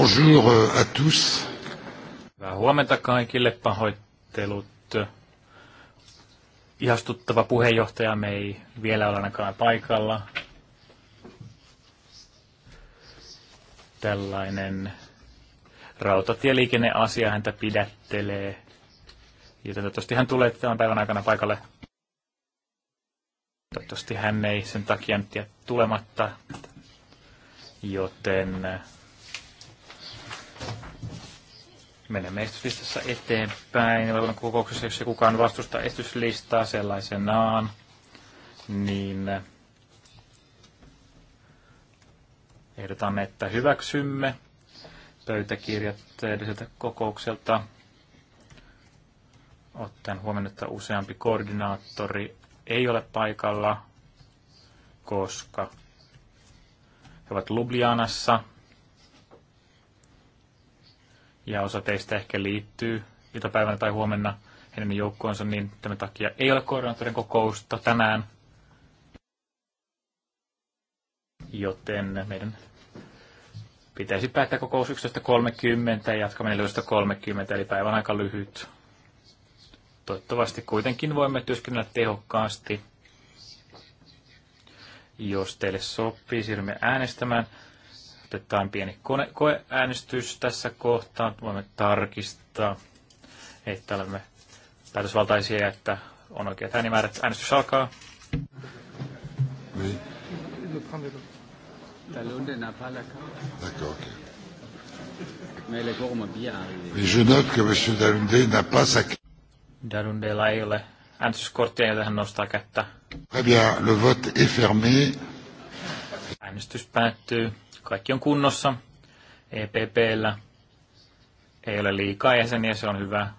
Bonjour euh, à tous. Hyvää huomenta kaikille, pahoittelut. Ihastuttava me ei vielä ole ainakaan paikalla. Tällainen rautatieliikenneasia häntä pidättelee. Ja toivottavasti hän tulee tämän päivän aikana paikalle. Toivottavasti hän ei sen takia nyt tulematta, joten Menemme estyslistassa eteenpäin. Valiokunnan kokouksessa, jos ei kukaan vastusta estyslistaa sellaisenaan, niin ehdotan, että hyväksymme pöytäkirjat edelliseltä kokoukselta. Ottaen huomioon, että useampi koordinaattori ei ole paikalla, koska he ovat Ljubljanassa – ja osa teistä ehkä liittyy iltapäivänä tai huomenna heidän joukkoonsa, niin tämän takia ei ole koordinaattorin kokousta tänään. Joten meidän pitäisi päättää kokous 11.30 ja jatkamme 14.30, eli päivän aika lyhyt. Toivottavasti kuitenkin voimme työskennellä tehokkaasti. Jos teille sopii, siirrymme äänestämään. Otetaan pieni kone, koeäänestys tässä kohtaa. Voimme tarkistaa, että olemme päätösvaltaisia ja että on oikeat äänimäärät. Äänestys alkaa. Niin. Darundella ei ole äänestyskorttia, joten hän nostaa kättä. Äänestys päättyy. Kaikki on kunnossa. EPPllä ei ole liikaa jäseniä, se on hyvä.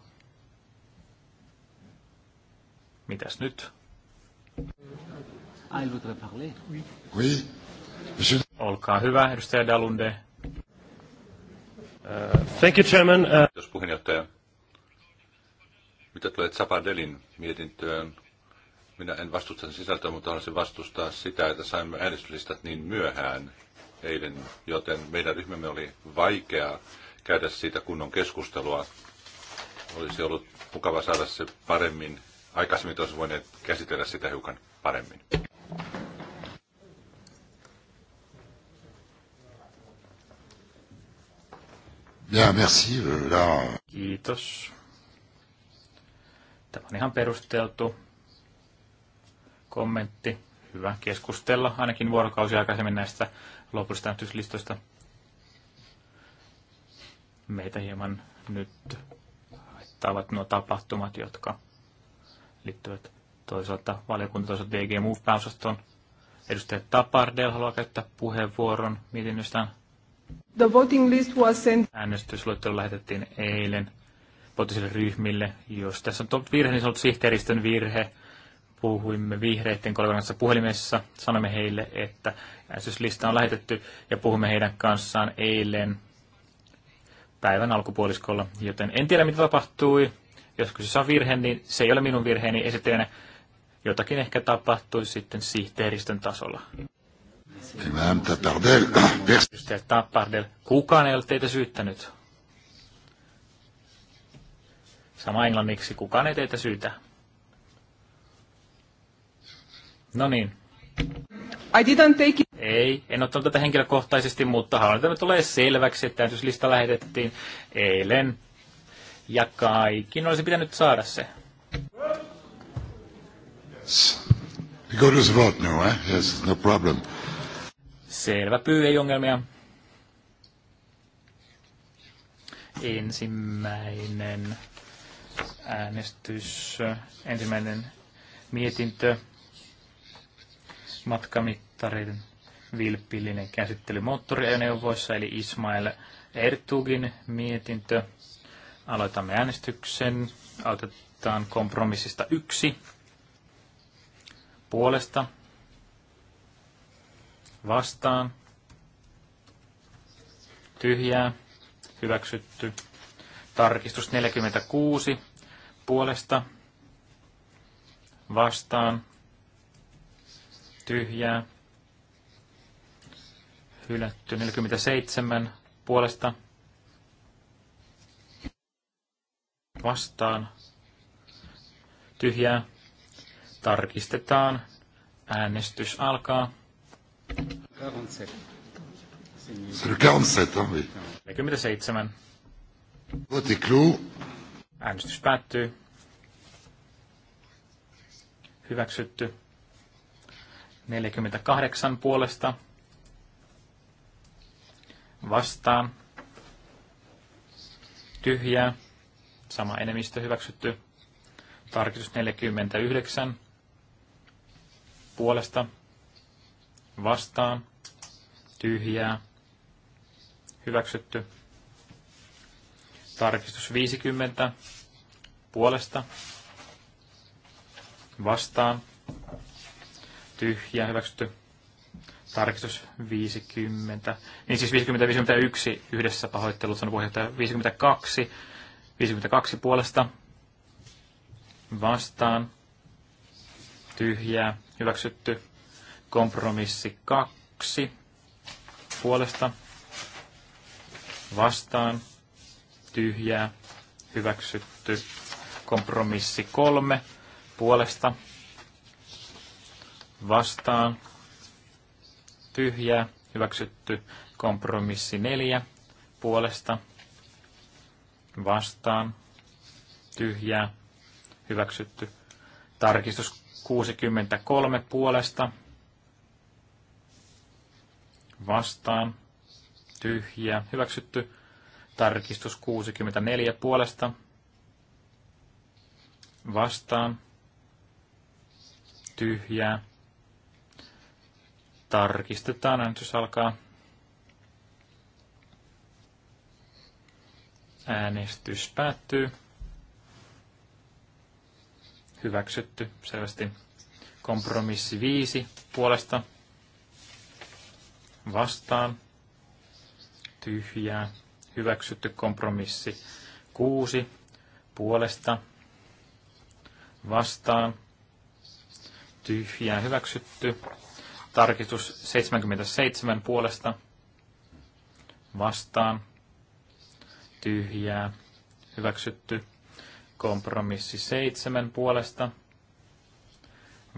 Mitäs nyt? Ah, Olkaa hyvä, edustaja Dalunde. Uh, thank you, Chairman. Uh, Kiitos puheenjohtaja. Mitä tulee Zapadelin mietintöön? Minä en vastusta sisältöä, mutta haluaisin vastustaa sitä, että saimme äänestyslistat niin myöhään eilen, joten meidän ryhmämme oli vaikea käydä siitä kunnon keskustelua. Olisi ollut mukava saada se paremmin. Aikaisemmin olisi voineet käsitellä sitä hiukan paremmin. Ja merci. Euh, La... Kiitos. Tämä on ihan perusteltu kommentti. Hyvä keskustella ainakin vuorokausi aikaisemmin näistä lopullisesta Meitä hieman nyt haittaavat nuo tapahtumat, jotka liittyvät toisaalta valiokunta, toisaalta DG Move-pääosaston. Edustaja Tapardel haluaa käyttää puheenvuoron mietinnöstään. The voting list was sent. Äänestysluettelo lähetettiin eilen poliittisille ryhmille. Jos tässä on tullut virhe, niin se on ollut sihteeristön virhe puhuimme vihreiden kolmannessa puhelimessa, sanoimme heille, että äänestyslista on lähetetty ja puhumme heidän kanssaan eilen päivän alkupuoliskolla, joten en tiedä mitä tapahtui. Jos kyseessä on virhe, niin se ei ole minun virheeni esittelijänä. Jotakin ehkä tapahtui sitten sihteeristön tasolla. Tappardel, kukaan ei ole teitä syyttänyt. Sama englanniksi, kukaan ei teitä syytä. No niin. I didn't take it. Ei, en ottanut tätä henkilökohtaisesti, mutta haluan, että tulee selväksi, että äänestyslista lähetettiin eilen. Ja kaikki olisi pitänyt saada se. go to the vote now, eh? Yes, no problem. Selvä pyy, ei ongelmia. Ensimmäinen äänestys, ensimmäinen mietintö matkamittarin vilpillinen käsittely moottoriajoneuvoissa, eli Ismail Ertugin mietintö. Aloitamme äänestyksen. Aloitetaan kompromissista yksi. Puolesta. Vastaan. Tyhjää. Hyväksytty. Tarkistus 46. Puolesta. Vastaan tyhjää, hylätty 47 puolesta vastaan tyhjää. Tarkistetaan. Äänestys alkaa. 47. Vote Äänestys päättyy. Hyväksytty. 48 puolesta vastaan tyhjää, sama enemmistö hyväksytty. Tarkistus 49 puolesta vastaan tyhjää, hyväksytty. Tarkistus 50 puolesta vastaan tyhjä, hyväksytty. Tarkistus 50, niin siis 50 51 yhdessä pahoittelut on puheenjohtaja 52, 52 puolesta vastaan tyhjää hyväksytty. Kompromissi 2 puolesta vastaan tyhjää hyväksytty. Kompromissi 3 puolesta vastaan, tyhjä hyväksytty kompromissi 4 puolesta, vastaan, tyhjää, hyväksytty tarkistus 63 puolesta, vastaan, tyhjää, hyväksytty tarkistus 64 puolesta, vastaan, tyhjää, Tarkistetaan, äänitys alkaa. Äänestys päättyy. Hyväksytty, selvästi. Kompromissi 5 puolesta. Vastaan. Tyhjää. Hyväksytty kompromissi 6 puolesta. Vastaan. Tyhjää hyväksytty. Tarkistus 77 puolesta vastaan. Tyhjää. Hyväksytty. Kompromissi 7 puolesta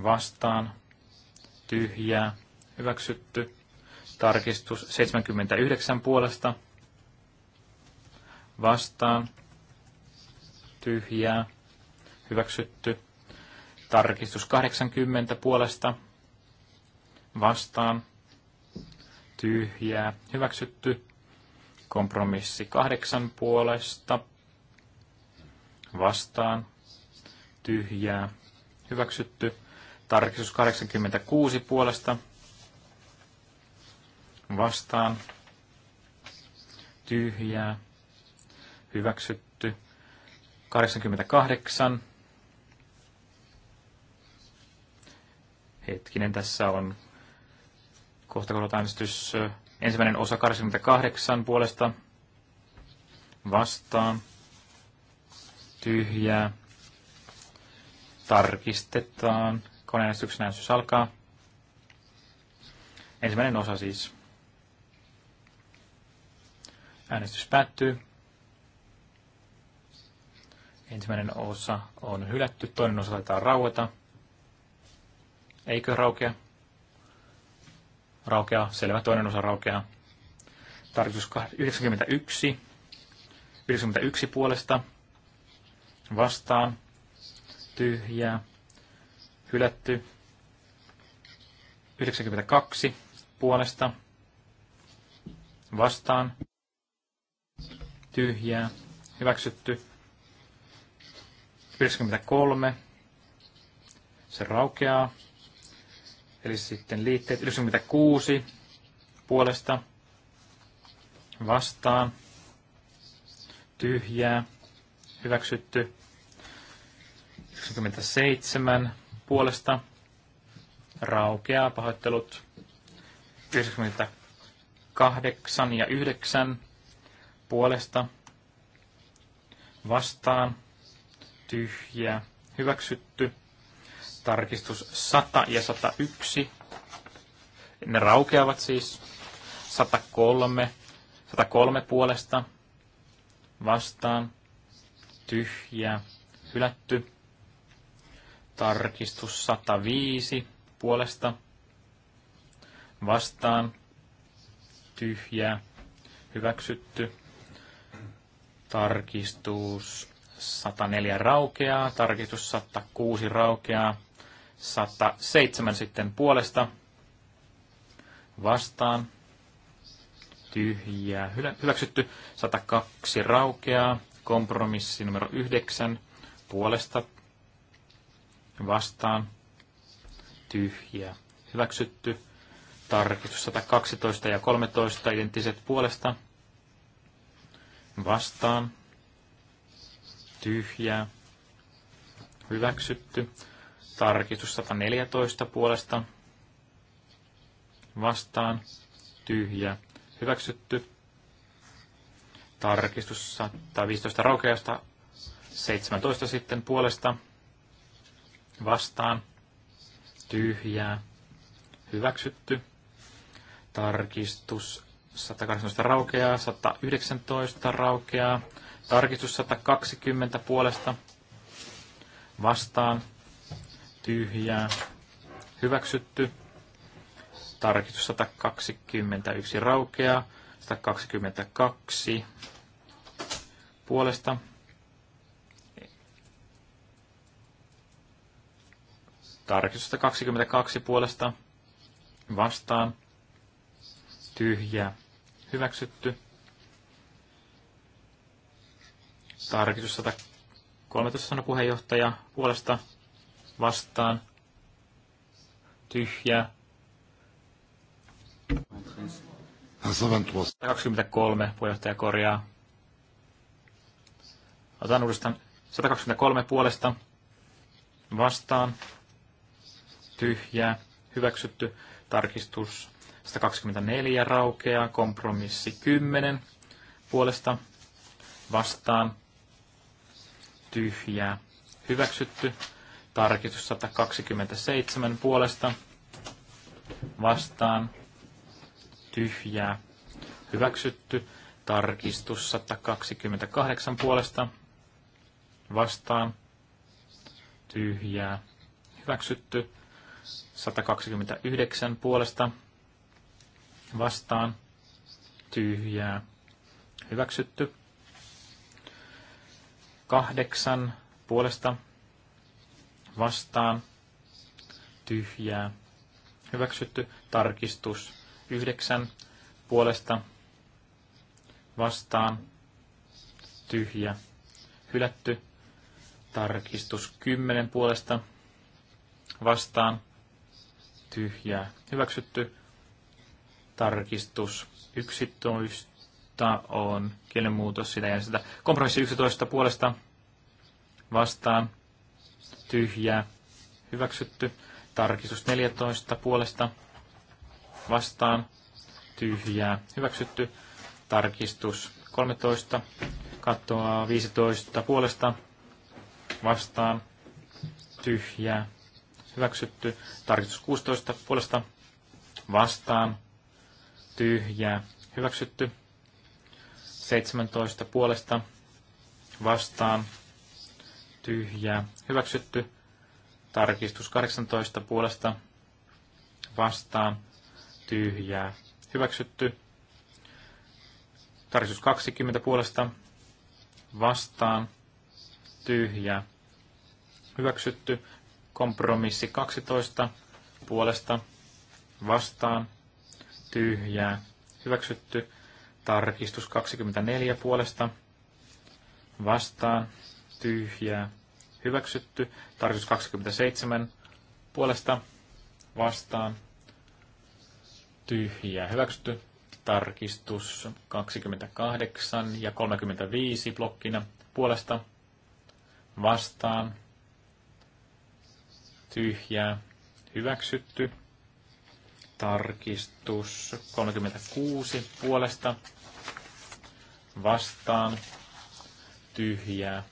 vastaan. Tyhjää. Hyväksytty. Tarkistus 79 puolesta vastaan. Tyhjää. Hyväksytty. Tarkistus 80 puolesta vastaan, tyhjää, hyväksytty. Kompromissi kahdeksan puolesta, vastaan, tyhjää, hyväksytty. Tarkistus 86 puolesta, vastaan, tyhjää, hyväksytty. 88. Hetkinen, tässä on Kohta äänestys ensimmäinen osa 88 puolesta vastaan. Tyhjää. Tarkistetaan. Koneäänestyksen äänestys alkaa. Ensimmäinen osa siis. Äänestys päättyy. Ensimmäinen osa on hylätty, toinen osa laitetaan raueta. Eikö raukea? raukeaa, selvä, toinen osa raukeaa. Tarkistus 91, 91 puolesta vastaan, tyhjää, hylätty. 92 puolesta vastaan, tyhjää, hyväksytty. 93, se raukeaa. Eli sitten liitteet 96 puolesta vastaan, tyhjää, hyväksytty. 97 puolesta raukeaa pahoittelut. 98 ja 9 puolesta vastaan, tyhjää, hyväksytty tarkistus 100 ja 101. Ne raukeavat siis 103, 103 puolesta vastaan tyhjä hylätty. Tarkistus 105 puolesta vastaan tyhjä hyväksytty. Tarkistus 104 raukeaa, tarkistus 106 raukeaa, 107 sitten puolesta vastaan. Tyhjää hyväksytty. 102 raukeaa. Kompromissi numero 9 puolesta vastaan. Tyhjää hyväksytty. Tarkistus 112 ja 13 identtiset puolesta vastaan. Tyhjää hyväksytty. Tarkistus 114 puolesta vastaan tyhjä hyväksytty. Tarkistus 115 raukeasta 17 sitten puolesta vastaan tyhjää hyväksytty. Tarkistus 118 raukeaa, 119 raukeaa, tarkistus 120 puolesta vastaan tyhjää, hyväksytty. Tarkistus 121 raukeaa, 122 puolesta. Tarkistus 122 puolesta vastaan, tyhjää, hyväksytty. Tarkistus 113 puheenjohtaja puolesta vastaan, tyhjä. 123 puheenjohtaja korjaa. Otan uudestaan 123 puolesta vastaan, tyhjä hyväksytty, tarkistus 124 raukeaa, kompromissi 10 puolesta vastaan, tyhjä hyväksytty, Tarkistus 127 puolesta vastaan tyhjää hyväksytty. Tarkistus 128 puolesta vastaan tyhjää hyväksytty. 129 puolesta vastaan tyhjää hyväksytty. Kahdeksan puolesta vastaan, tyhjää, hyväksytty, tarkistus, yhdeksän puolesta, vastaan, tyhjä, hylätty, tarkistus, kymmenen puolesta, vastaan, tyhjää, hyväksytty, tarkistus, 11 on kielenmuutos, sitä ja sitä, kompromissi 11 puolesta, vastaan, tyhjää, hyväksytty. Tarkistus 14 puolesta vastaan, tyhjää, hyväksytty. Tarkistus 13 kattoa 15 puolesta vastaan, tyhjää, hyväksytty. Tarkistus 16 puolesta vastaan, tyhjää, hyväksytty. 17 puolesta vastaan, tyhjää, hyväksytty. Tarkistus 18 puolesta vastaan, tyhjää, hyväksytty. Tarkistus 20 puolesta vastaan, tyhjää, hyväksytty. Kompromissi 12 puolesta vastaan, tyhjää, hyväksytty. Tarkistus 24 puolesta vastaan, tyhjää hyväksytty. Tarkistus 27 puolesta vastaan tyhjää hyväksytty. Tarkistus 28 ja 35 blokkina puolesta vastaan tyhjää hyväksytty. Tarkistus 36 puolesta vastaan tyhjää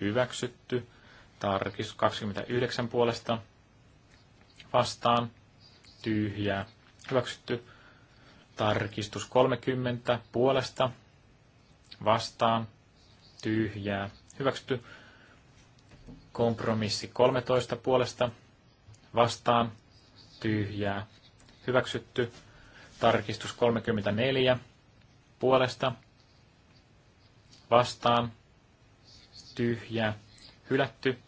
hyväksytty. Tarkistus 29 puolesta vastaan, tyhjää, hyväksytty. Tarkistus 30 puolesta vastaan, tyhjää, hyväksytty. Kompromissi 13 puolesta vastaan, tyhjää, hyväksytty. Tarkistus 34 puolesta vastaan, tyhjä, hylätty.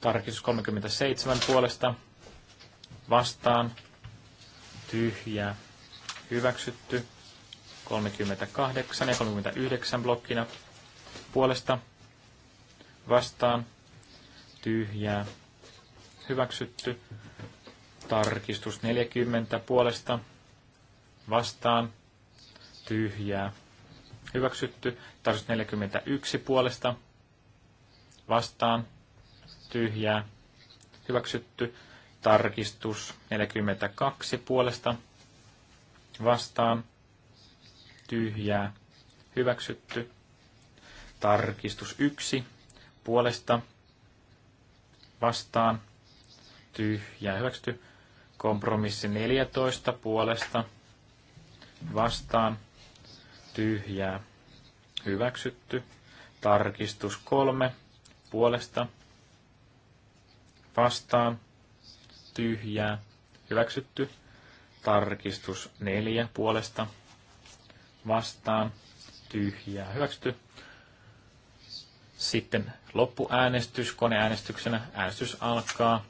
Tarkistus 37 puolesta vastaan, tyhjä, hyväksytty. 38 ja 39 blokkina puolesta vastaan, tyhjä, hyväksytty. Tarkistus 40 puolesta vastaan, tyhjää, hyväksytty. Tarkistus 41 puolesta vastaan tyhjää hyväksytty. Tarkistus 42 puolesta vastaan tyhjää hyväksytty. Tarkistus 1 puolesta vastaan tyhjää hyväksytty. Kompromissi 14 puolesta vastaan tyhjää, hyväksytty. Tarkistus kolme puolesta vastaan, tyhjää, hyväksytty. Tarkistus neljä puolesta vastaan, tyhjää, hyväksytty. Sitten loppuäänestys koneäänestyksenä. Äänestys alkaa.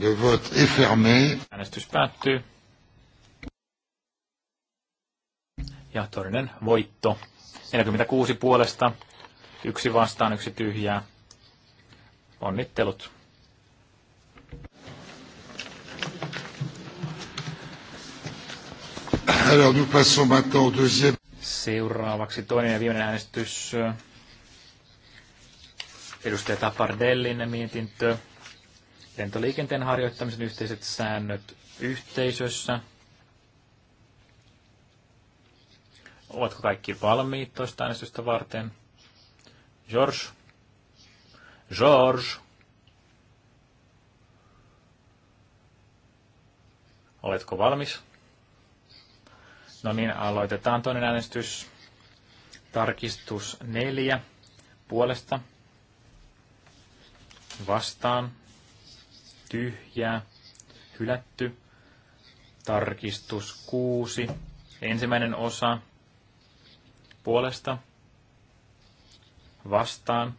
Le vote est fermé. Äänestys päättyy. Ja todellinen voitto. 46 puolesta, yksi vastaan, yksi tyhjää. Onnittelut. Alors nous passons maintenant au deuxième. Seuraavaksi toinen ja viimeinen äänestys. Edustaja Tapardellin mietintö lentoliikenteen harjoittamisen yhteiset säännöt yhteisössä. Ovatko kaikki valmiit toista äänestystä varten? George? George? Oletko valmis? No niin, aloitetaan toinen äänestys. Tarkistus neljä puolesta vastaan tyhjää, hylätty. Tarkistus kuusi, ensimmäinen osa puolesta, vastaan,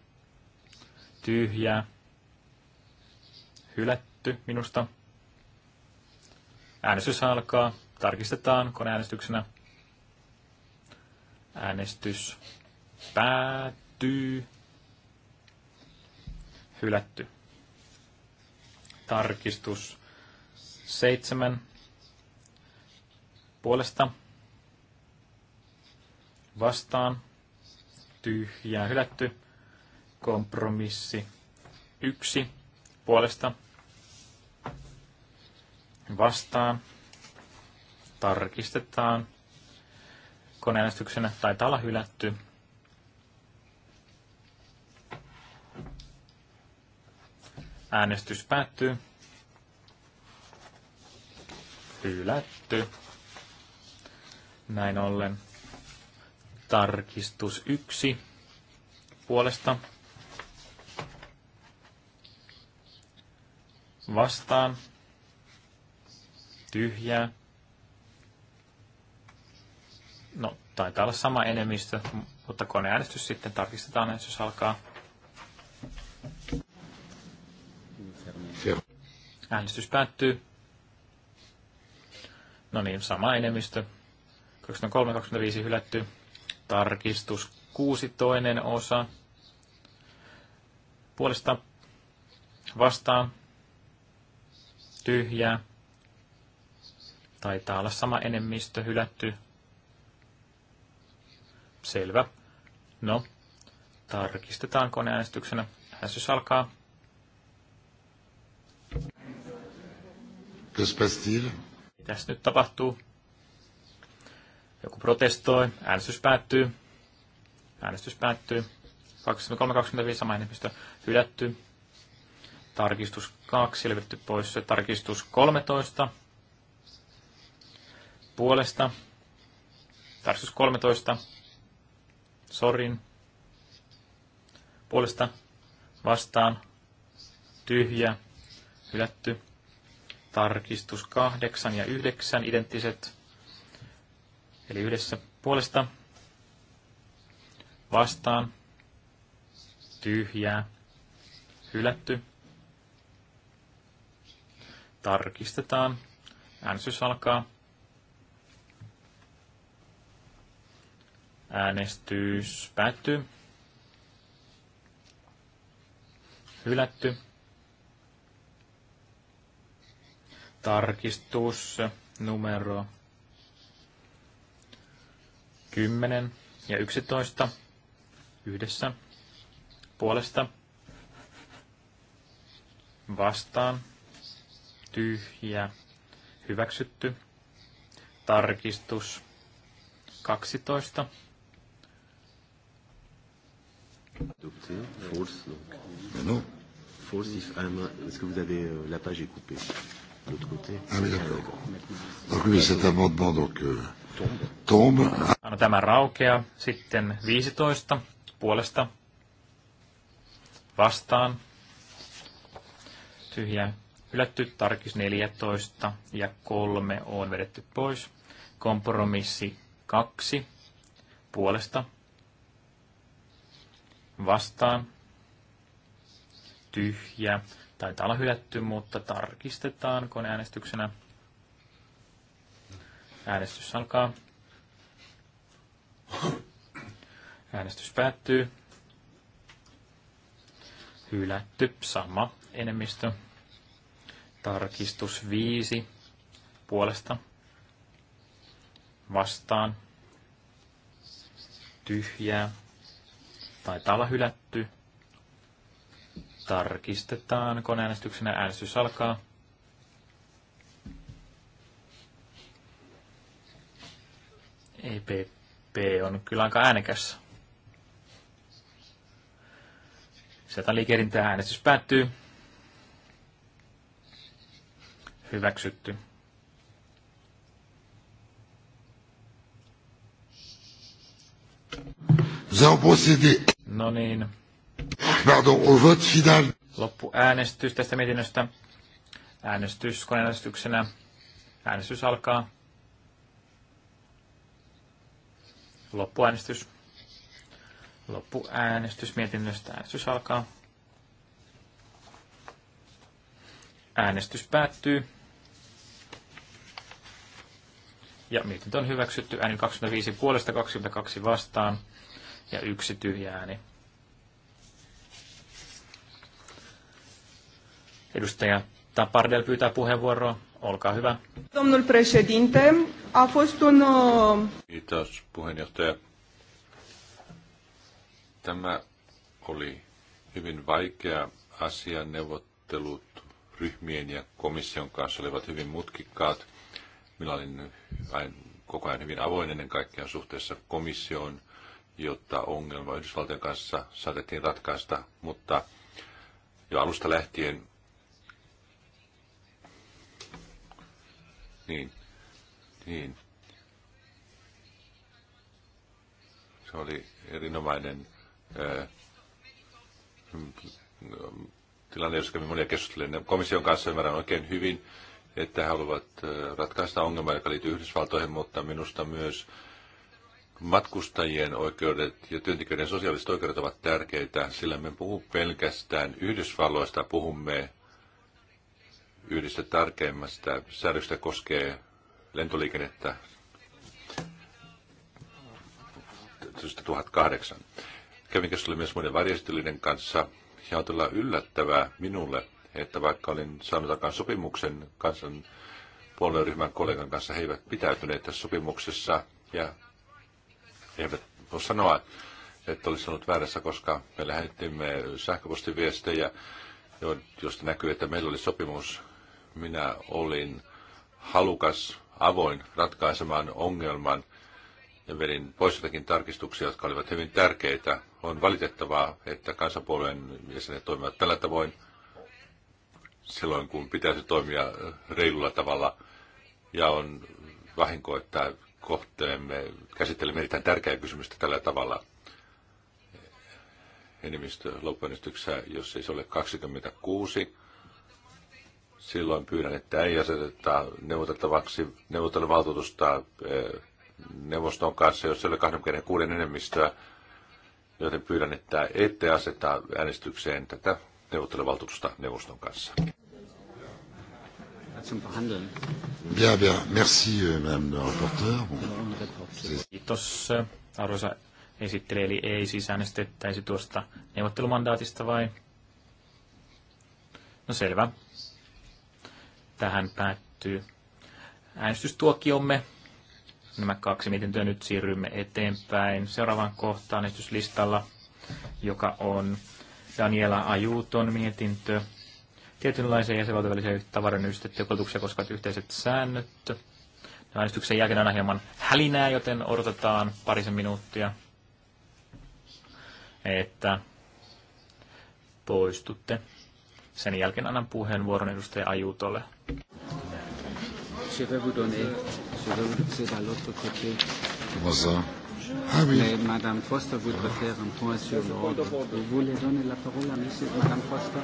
tyhjää, hylätty minusta. Äänestys alkaa, tarkistetaan koneäänestyksenä. Äänestys päättyy. Hylätty. Tarkistus seitsemän puolesta vastaan tyhjää hylätty. Kompromissi yksi puolesta vastaan tarkistetaan koneäänestyksenä taitaa olla hylätty. Äänestys päättyy. Hylätty. Näin ollen tarkistus yksi puolesta vastaan tyhjää. No, taitaa olla sama enemmistö, mutta koneäänestys sitten tarkistetaan, jos alkaa. Äänestys päättyy. No niin, sama enemmistö. 23-25 hylätty. Tarkistus 6 toinen osa. Puolesta vastaan. tyhjä Taitaa olla sama enemmistö hylätty. Selvä. No, tarkistetaan koneäänestyksenä. Äänestys alkaa. Mitäs nyt tapahtuu? Joku protestoi. Äänestys päättyy. Äänestys päättyy. 23.25 sama enemmistö hylätty. Tarkistus 2 selvitty pois. tarkistus 13 puolesta. Tarkistus 13. Sorin. Puolesta vastaan. Tyhjä. Hylätty. Tarkistus 8 ja 9 identtiset. Eli yhdessä puolesta vastaan tyhjää hylätty. Tarkistetaan. Äänestys alkaa. Äänestys päättyy. Hylätty. tarkistus numero 10 ja 11 yhdessä puolesta vastaan tyhjä hyväksytty tarkistus 12 Adopté, false donc. Non. False if I'm. Est-ce que vous avez. Euh, la page est coupée de l'autre côté. Ah oui, d'accord. Donc oui, cet amendement donc, euh, tombe. No, tämä raukea sitten 15 puolesta vastaan. Tyhjä hylätty, tarkis 14 ja 3 on vedetty pois. Kompromissi 2 puolesta vastaan tyhjä Taitaa olla hylätty, mutta tarkistetaan koneäänestyksenä. Äänestys alkaa. Äänestys päättyy. Hylätty, sama enemmistö. Tarkistus 5 puolesta. Vastaan. Tyhjää. Taitaa olla hylätty. Tarkistetaan koneäänestyksenä. Äänestys alkaa. EPP on kyllä aika äänekäs. Sieltä liikerintää äänestys päättyy. Hyväksytty. No niin pardon, au Loppuäänestys tästä mietinnöstä. Äänestys koneäänestyksenä. Äänestys alkaa. Loppuäänestys. Loppuäänestys mietinnöstä. Äänestys alkaa. Äänestys päättyy. Ja mietintö on hyväksytty äänin 25 puolesta 22 vastaan ja yksi tyhjä ääni. Edustaja Tapardel pyytää puheenvuoroa. Olkaa hyvä. Domnul președinte, a fost un... Uh, Kiitos puheenjohtaja. Tämä oli hyvin vaikea asia. Neuvottelut ryhmien ja komission kanssa olivat hyvin mutkikkaat. Minä olin koko ajan hyvin avoin ennen kaikkea suhteessa komissioon, jotta ongelma Yhdysvaltojen kanssa saatettiin ratkaista, mutta jo alusta lähtien Niin. Niin. Se oli erinomainen ää, äh, tilanne, jossa kävi monia keskusteluja komission kanssa. Ymmärrän oikein hyvin, että he haluavat äh, ratkaista ongelmaa, joka liittyy Yhdysvaltoihin, mutta minusta myös matkustajien oikeudet ja työntekijöiden sosiaaliset oikeudet ovat tärkeitä, sillä me puhu pelkästään Yhdysvalloista, puhumme yhdestä tärkeimmästä säädöstä koskee lentoliikennettä 1008. Kävin keskustelua myös muiden varjestelijoiden kanssa ja on todella yllättävää minulle, että vaikka olin saanut aikaan sopimuksen kansan puolueryhmän kollegan kanssa, he eivät pitäytyneet tässä sopimuksessa ja eivät voi sanoa, että olisi ollut väärässä, koska me lähetimme sähköpostiviestejä, joista näkyy, että meillä oli sopimus minä olin halukas, avoin ratkaisemaan ongelman ja vedin pois jotakin tarkistuksia, jotka olivat hyvin tärkeitä. On valitettavaa, että kansanpuolueen jäsenet toimivat tällä tavoin silloin, kun pitäisi toimia reilulla tavalla. Ja on vahinko, että kohteemme, käsittelemme erittäin tärkeää kysymystä tällä tavalla enemmistö loppuäänestyksessä, jos ei se ole 26 silloin pyydän, että ei aseteta neuvoteltavaksi neuvotteluvaltuutusta eh, neuvoston kanssa, jos ei ole 26 enemmistöä, joten pyydän, että ette aseta äänestykseen tätä neuvotteluvaltuutusta neuvoston kanssa. Bien, bien. Merci, euh, madame la Kiitos, eh, arvoisa esittelijä. Eli ei siis äänestettäisi tuosta neuvottelumandaatista vai? No selvä. Tähän päättyy äänestystuokiomme. Nämä kaksi mietintöä nyt siirrymme eteenpäin seuraavaan kohtaan äänestyslistalla, joka on Daniela Ajuuton mietintö. Tietynlaisia jäsenvaltojen välisen tavaran yhdistettyjä kulutuksia koskevat yhteiset säännöt. Äänestyksen jälkeen on hieman hälinää, joten odotetaan parisen minuuttia, että poistutte sen jälkeen annan puheenvuoron edustaja Ajutolle. Je vais vous donner, je vais vous laisser à l'autre côté. Comment ça Ah oui. Mais Madame Foster voudrait faire un point sur l'ordre. Vous voulez donner la parole à Madame Foster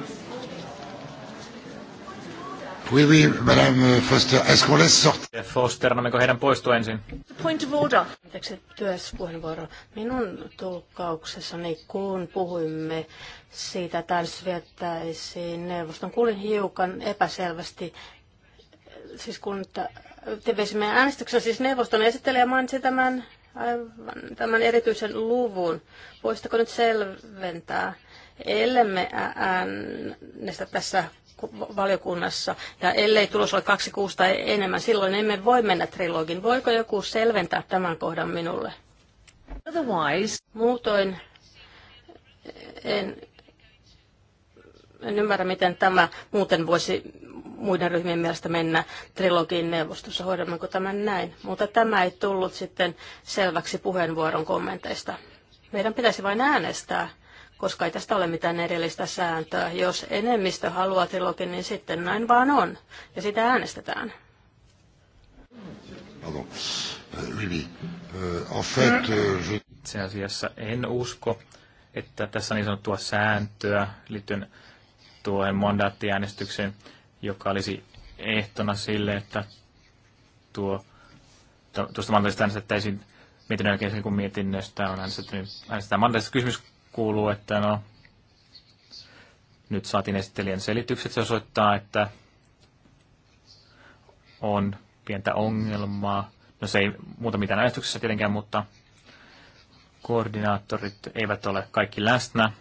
Oui, oui, Madame Foster. Est-ce qu'on laisse sortir? Foster, annammeko heidän poistua ensin? Point of order. Anteeksi, työspuheenvuoro. Minun tulkauksessani, kun puhuimme siitä, että äänestys viettäisiin neuvoston, kuulin hiukan epäselvästi, siis kun tevesimme äänestyksessä, siis neuvoston esittelijä mainitsi tämän, aivan, tämän erityisen luvun. Voisitko nyt selventää? ellemme äänestä tässä valiokunnassa, ja ellei tulos ole kaksi kuusta tai enemmän, silloin emme voi mennä trilogin. Voiko joku selventää tämän kohdan minulle? Otherwise. Muutoin en, en ymmärrä, miten tämä muuten voisi muiden ryhmien mielestä mennä trilogiin neuvostossa, hoidammeko tämän näin. Mutta tämä ei tullut sitten selväksi puheenvuoron kommenteista. Meidän pitäisi vain äänestää koska ei tästä ole mitään erillistä sääntöä. Jos enemmistö haluaa trilogin, niin sitten näin vaan on, ja sitä äänestetään. Euh, euh, euh, Itse asiassa en usko, että tässä niin sanottua sääntöä liittyen tuohon mandaattiäänestykseen, joka olisi ehtona sille, että tuo, tuosta mandaattista äänestettäisiin mietinnön jälkeen, kun mietinnöstä on äänestetty, niin äänestetään mandaattista Kysymys kuuluu, että no, nyt saatiin esittelijän selitykset. Se osoittaa, että on pientä ongelmaa. No se ei muuta mitään äänestyksessä tietenkään, mutta koordinaattorit eivät ole kaikki läsnä.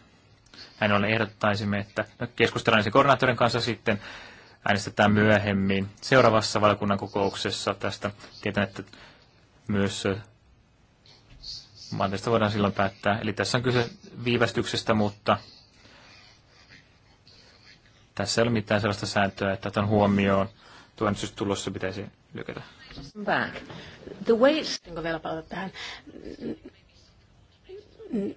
Hän on ehdottaisimme, että no, keskustellaan sen koordinaattorin kanssa sitten äänestetään myöhemmin seuraavassa valiokunnan kokouksessa tästä. Tietän, että myös manteesta voidaan silloin päättää. Eli tässä on kyse viivästyksestä, mutta tässä ei ole mitään sellaista sääntöä, että tämän huomioon tuon tulossa pitäisi lykätä. Back. The way... Onko vielä palata tähän?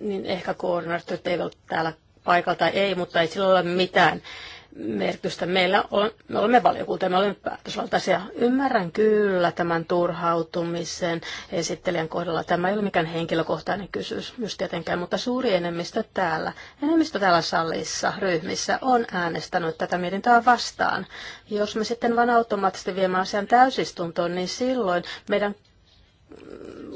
Niin ehkä koordinaattorit eivät ole täällä paikalla tai ei, mutta ei sillä ole mitään merkitystä. Meillä on, me olemme valiokunta, me olemme päätösvaltaisia. Ymmärrän kyllä tämän turhautumisen esittelijän kohdalla. Tämä ei ole mikään henkilökohtainen kysymys myös tietenkään, mutta suuri enemmistö täällä, enemmistö täällä salissa, ryhmissä on äänestänyt tätä mietintää vastaan. Jos me sitten vain automaattisesti viemme asian täysistuntoon, niin silloin meidän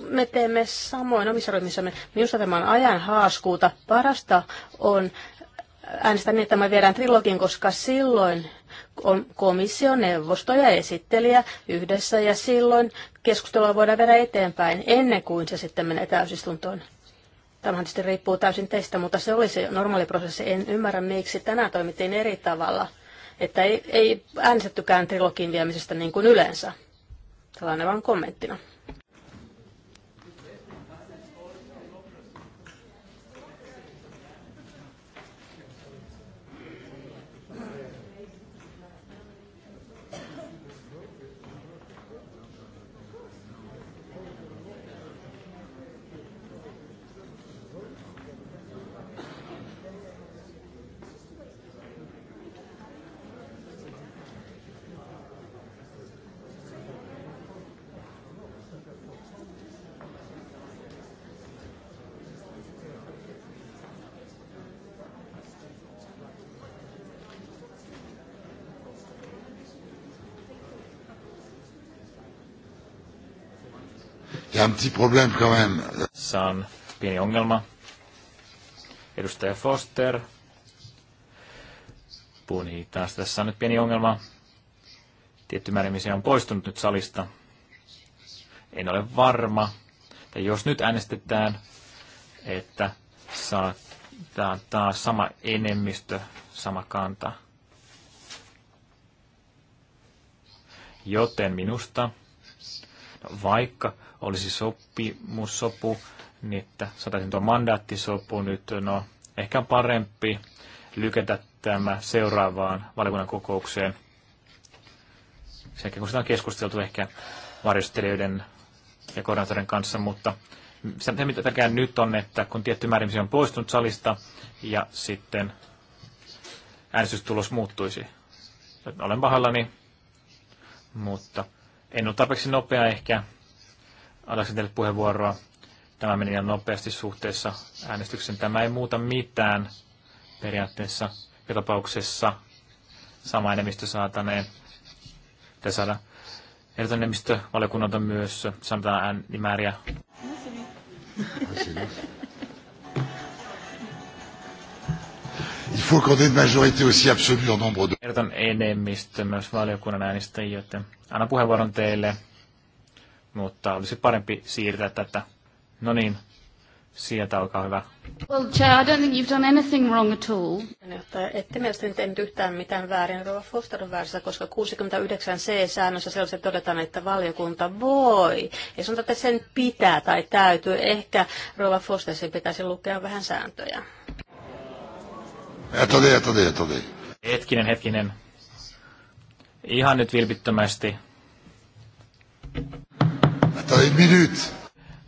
me teemme samoin omissa ryhmissämme. Minusta tämä on ajan haaskuuta. Parasta on äänestän niin, että me viedään trilogin, koska silloin on komissio, neuvosto ja esittelijä yhdessä ja silloin keskustelua voidaan viedä eteenpäin ennen kuin se sitten menee täysistuntoon. Tämähän tietysti riippuu täysin teistä, mutta se oli se normaali prosessi. En ymmärrä, miksi tänään toimittiin eri tavalla, että ei, ei äänestettykään trilogin viemisestä niin kuin yleensä. Tällainen vain kommenttina. Tässä on pieni ongelma. Edustaja Foster. Puhun hitaasti. Tässä on nyt pieni ongelma. Tietty määrä on poistunut nyt salista. En ole varma. Ja jos nyt äänestetään, että saattaa taas sama enemmistö, sama kanta. Joten minusta, no vaikka olisi sopimus, sopu, niin että saataisiin tuo mandaattisopu nyt, no ehkä on parempi lykätä tämä seuraavaan valiokunnan kokoukseen. Sekä kun sitä on keskusteltu ehkä varjostelijoiden ja koordinaattorin kanssa, mutta se, mitä tärkeää nyt on, että kun tietty määrä ihmisiä on poistunut salista ja sitten äänestystulos muuttuisi. Olen pahallani, mutta en ole tarpeeksi nopea ehkä Antaisin teille puheenvuoroa. Tämä meni ihan nopeasti suhteessa äänestyksen. Tämä ei muuta mitään periaatteessa ja tapauksessa sama enemmistö saataneen tai saada ehdoton enemmistö valiokunnalta myös sanotaan äänimääriä. Il faut qu'on ait une majorité aussi absolue en nombre de... Ehdoton enemmistö myös valiokunnan äänistä, joten anna puheenvuoron teille mutta olisi parempi siirtää tätä. No niin, sieltä olkaa hyvä. Well, Chair, I don't think you've done anything wrong at all. Johtaja, ette mielestäni tehnyt yhtään mitään väärin. Rova Foster on väärässä, koska 69c-säännössä selvästi todetaan, että valiokunta voi. Ja sanotaan, että sen pitää tai täytyy. Ehkä Rova Foster sen pitäisi lukea vähän sääntöjä. Etodi, etodi, etodi. Hetkinen, hetkinen. Ihan nyt vilpittömästi. Tai minut.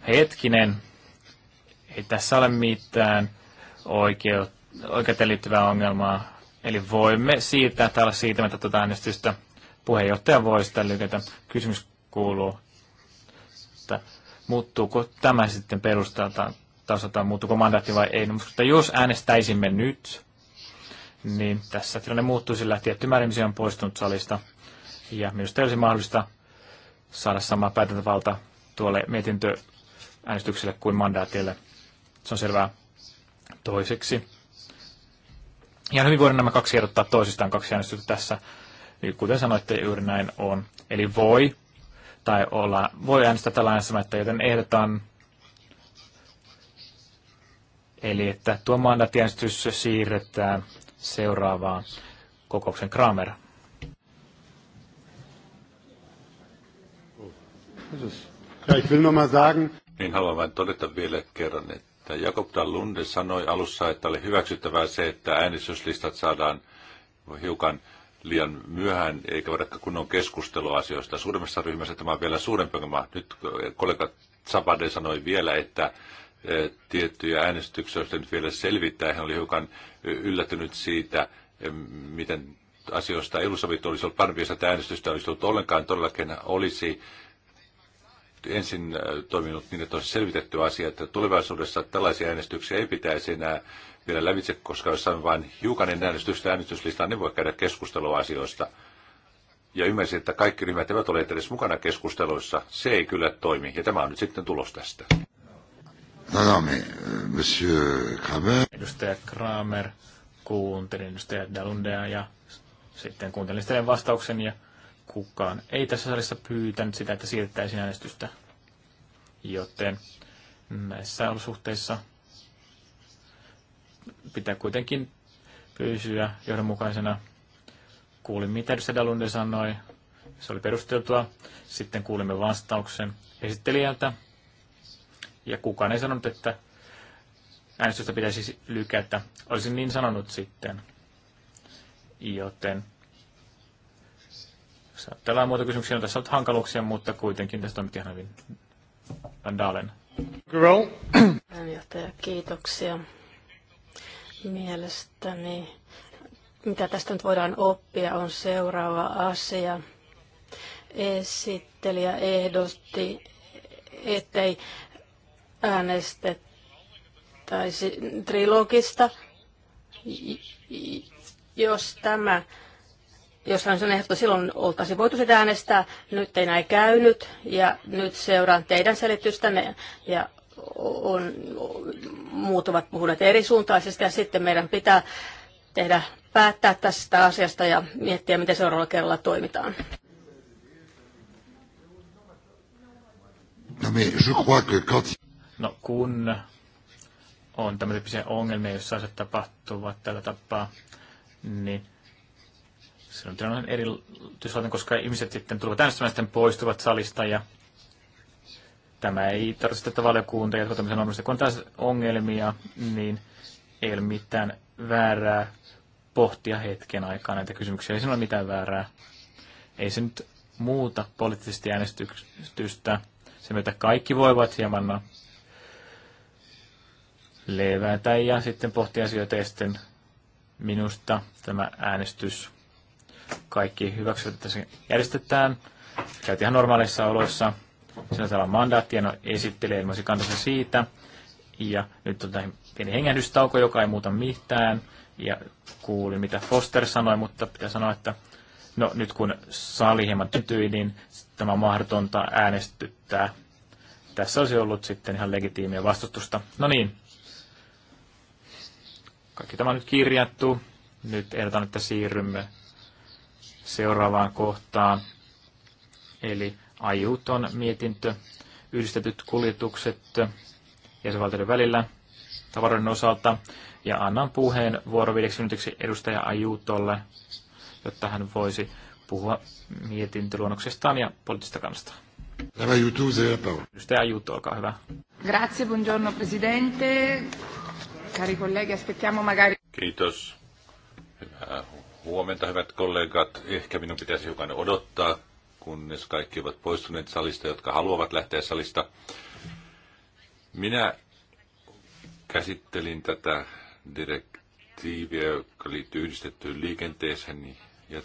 Hetkinen. Ei tässä ole mitään oikeut, oikeuteen liittyvää ongelmaa. Eli voimme siirtää täällä siitä, että tuota äänestystä puheenjohtaja voi sitä lykätä. Kysymys kuuluu, että muuttuuko tämä sitten perustalta tasolta, muuttuuko mandaatti vai ei. No, mutta jos äänestäisimme nyt, niin tässä tilanne muuttuu, sillä tietty määrä on poistunut salista. Ja minusta olisi mahdollista saada sama päätäntävalta tuolle mietintöäänestykselle kuin mandaatille. Se on selvää toiseksi. Ihan hyvin voidaan nämä kaksi erottaa toisistaan kaksi äänestystä tässä. Kuten sanoitte, juuri näin on. Eli voi tai olla, voi äänestää tällä äänestämättä, joten ehdotan Eli että tuo mandaattiäänestys siirretään seuraavaan kokouksen Kramer. Oh, this is ja ich will mal sagen... Niin haluan vain todeta vielä kerran, että Jakob Lunde sanoi alussa, että oli hyväksyttävää se, että äänestyslistat saadaan hiukan liian myöhään, eikä voida kunnon keskustelua asioista. Suuremmassa ryhmässä tämä on vielä suurempi ongelma. Nyt kollega Zabade sanoi vielä, että eh, tiettyjä äänestyksiä olisi nyt vielä selvittää. Hän oli hiukan yllättynyt siitä, eh, miten asioista ei ollut sovittu. Olisi ollut parempi, jos äänestystä olisi ollut ollenkaan. Todellakin olisi ensin äh, toiminut niin, että olisi selvitetty asia, että tulevaisuudessa tällaisia äänestyksiä ei pitäisi enää vielä lävitse, koska jos on vain hiukanen äänestystä äänestyslistaa, niin voi käydä keskustelua asioista. Ja ymmärsin, että kaikki ryhmät eivät ole edes mukana keskusteluissa. Se ei kyllä toimi, ja tämä on nyt sitten tulos tästä. No, no, me, äh, monsieur Kramer. Edustaja Kramer, kuuntelin edustaja Dalundea ja sitten kuuntelin teidän vastauksen ja kukaan ei tässä salissa pyytänyt sitä, että siirrettäisiin äänestystä. Joten näissä olosuhteissa pitää kuitenkin pysyä johdonmukaisena. Kuulin, mitä edustaja Dalunde sanoi. Se oli perusteltua. Sitten kuulimme vastauksen esittelijältä. Ja kukaan ei sanonut, että äänestystä pitäisi lykätä. Olisin niin sanonut sitten. Joten Tällä on muita kysymyksiä, no on tässä ollut hankaluuksia, mutta kuitenkin tästä on ihan hyvin. Van Dalen. kiitoksia. Mielestäni, mitä tästä nyt voidaan oppia, on seuraava asia. Esittelijä ehdotti, ettei äänestettäisi trilogista, jos tämä jos hän sanoi, että silloin oltaisiin voitu sitä äänestää. Nyt ei näin käynyt ja nyt seuraan teidän selitystänne ja on, muut ovat puhuneet suuntaisesti ja sitten meidän pitää tehdä päättää tästä asiasta ja miettiä, miten seuraavalla kerralla toimitaan. No, niin, no kun on tämmöisiä ongelmia, jos asiat tapahtuvat tällä tapaa, niin se on tilanne erityislaatuinen, koska ihmiset sitten tulevat äänestämään, sitten poistuvat salista ja tämä ei tarvitse tätä valiokunta ja tämmöisen normaalista. Kun on taas ongelmia, niin ei ole mitään väärää pohtia hetken aikaa näitä kysymyksiä. Ei siinä ole mitään väärää. Ei se nyt muuta poliittisesti äänestystä. Se, mitä kaikki voivat hieman levätä ja sitten pohtia asioita ja sitten minusta tämä äänestys kaikki hyväksyvät, että se järjestetään. Käytiin ihan normaalissa oloissa. Sillä täällä on mandaatti ja no esittelee ilmaisi kantansa siitä. Ja nyt on näihin pieni hengähdystauko, joka ei muuta mitään. Ja kuulin, mitä Foster sanoi, mutta pitää sanoa, että no nyt kun sali hieman tytyi, niin tämä on mahdotonta äänestyttää. Tässä olisi ollut sitten ihan legitiimiä vastustusta. No niin, kaikki tämä on nyt kirjattu. Nyt ehdotan, että siirrymme seuraavaan kohtaan. Eli aiuton mietintö, yhdistetyt kuljetukset jäsenvaltioiden välillä tavaroiden osalta. Ja annan puheen vuoroviideksi edustaja Ajuutolle, jotta hän voisi puhua mietintöluonnoksestaan ja poliittisesta kannasta. Tämä YouTube, se Edustaja Ajuto, olkaa hyvä. Grazie, buongiorno presidente. Cari colleghi, aspettiamo magari... Kiitos. Hyvää Huomenta, hyvät kollegat. Ehkä minun pitäisi hiukan odottaa, kunnes kaikki ovat poistuneet salista, jotka haluavat lähteä salista. Minä käsittelin tätä direktiiviä, joka liittyy yhdistettyyn liikenteeseen, ja,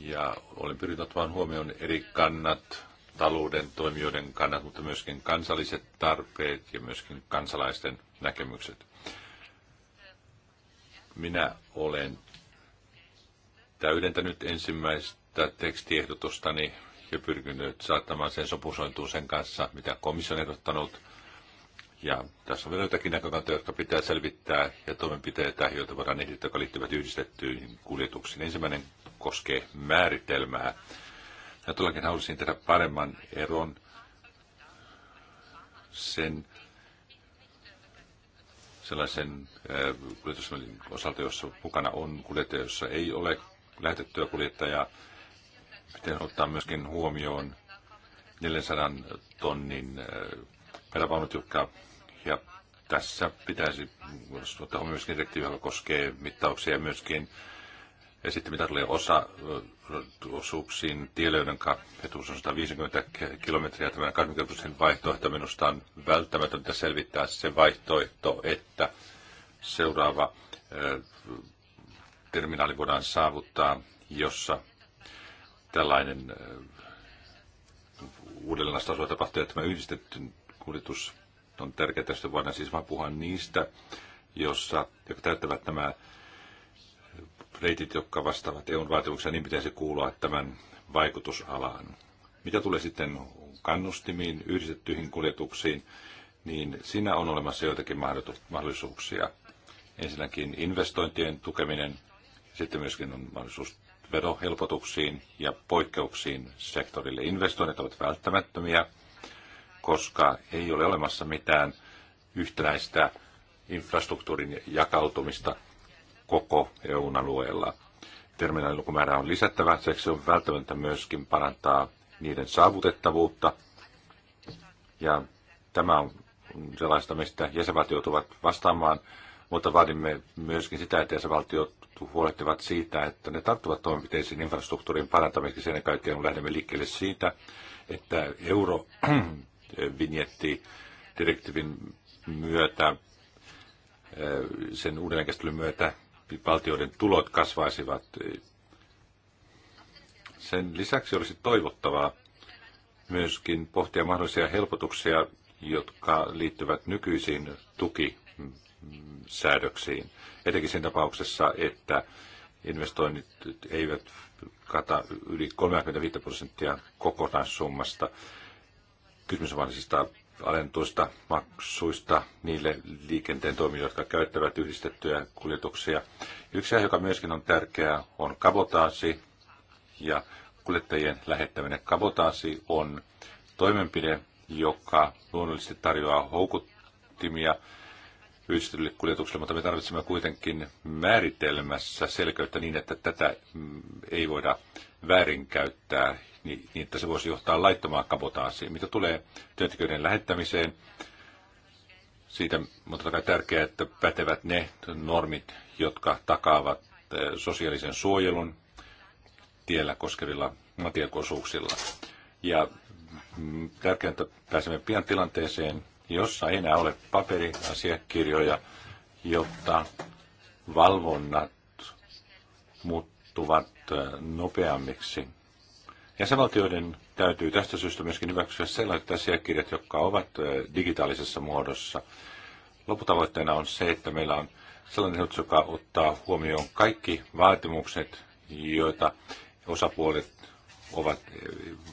ja olen pyrinyt ottamaan huomioon eri kannat, talouden toimijoiden kannat, mutta myöskin kansalliset tarpeet ja myöskin kansalaisten näkemykset. Minä olen täydentänyt ensimmäistä tekstiehdotustani niin ja pyrkinyt saattamaan sen sopusointuun sen kanssa, mitä komissio on ehdottanut. Ja tässä on vielä jotakin näkökantoja, jotka pitää selvittää ja toimenpiteitä, joita voidaan ehdittää, jotka liittyvät yhdistettyihin kuljetuksiin. Ensimmäinen koskee määritelmää. Ja todellakin haluaisin tehdä paremman eron sen sellaisen äh, kuljetusmallin osalta, jossa mukana on kuljettaja, jossa ei ole lähetettyä kuljettajaa. Miten ottaa myöskin huomioon 400 tonnin äh, peräpaunut, ja tässä pitäisi ottaa huomioon myöskin direktiivi, joka koskee mittauksia ja myöskin ja sitten mitä tulee osa äh, osuuksiin tielöydön etuus on 150 kilometriä. Tämä 20 prosentin vaihtoehto minusta on välttämätöntä selvittää se vaihtoehto, että seuraava äh, terminaali voidaan saavuttaa, jossa tällainen äh, uudelleenlastasolla tapahtuu, että tämä yhdistetty kuljetus on tärkeää, tästä voidaan siis vain puhua niistä, jossa, jotka täyttävät nämä reitit, jotka vastaavat EUn vaatimuksia, niin pitäisi kuulua tämän vaikutusalaan. Mitä tulee sitten kannustimiin, yhdistettyihin kuljetuksiin, niin siinä on olemassa joitakin mahdollisuuksia. Ensinnäkin investointien tukeminen, sitten myöskin on mahdollisuus verohelpotuksiin ja poikkeuksiin sektorille. Investoinnit ovat välttämättömiä, koska ei ole olemassa mitään yhtenäistä infrastruktuurin jakautumista koko EUn alueella. Terminaalilukumäärä on lisättävä, seksi on välttämättä myöskin parantaa niiden saavutettavuutta. Ja tämä on sellaista, mistä jäsenvaltiot ovat vastaamaan, mutta vaadimme myöskin sitä, että jäsenvaltiot huolehtivat siitä, että ne tarttuvat toimenpiteisiin infrastruktuurin parantamiseksi. sen kaikkea kun lähdemme liikkeelle siitä, että eurovinjetti direktiivin myötä, eh, sen uudelleenkäsittelyn myötä valtioiden tulot kasvaisivat. Sen lisäksi olisi toivottavaa myöskin pohtia mahdollisia helpotuksia, jotka liittyvät nykyisiin tuki säädöksiin. Etenkin siinä tapauksessa, että investoinnit eivät kata yli 35 prosenttia kokonaissummasta. Kysymys on siis alentuista maksuista niille liikenteen toimijoille, jotka käyttävät yhdistettyjä kuljetuksia. Yksi asia, joka myöskin on tärkeää, on kabotaasi ja kuljettajien lähettäminen. Kabotaasi on toimenpide, joka luonnollisesti tarjoaa houkuttimia yhdistetylle kuljetukselle, mutta me tarvitsemme kuitenkin määritelmässä selkeyttä niin, että tätä mm, ei voida väärinkäyttää niin, niin, että se voisi johtaa laittomaan kabotaasiin. Mitä tulee työntekijöiden lähettämiseen, siitä on totta kai tärkeää, että pätevät ne normit, jotka takaavat eh, sosiaalisen suojelun tiellä koskevilla matiakosuuksilla. Ja mm, tärkeää, että pääsemme pian tilanteeseen, jossa ei enää ole paperiasiakirjoja, jotta valvonnat muuttuvat nopeammiksi. Jäsenvaltioiden täytyy tästä syystä myöskin hyväksyä sellaiset asiakirjat, jotka ovat digitaalisessa muodossa. Loputavoitteena on se, että meillä on sellainen ehdotus, joka ottaa huomioon kaikki vaatimukset, joita osapuolet ovat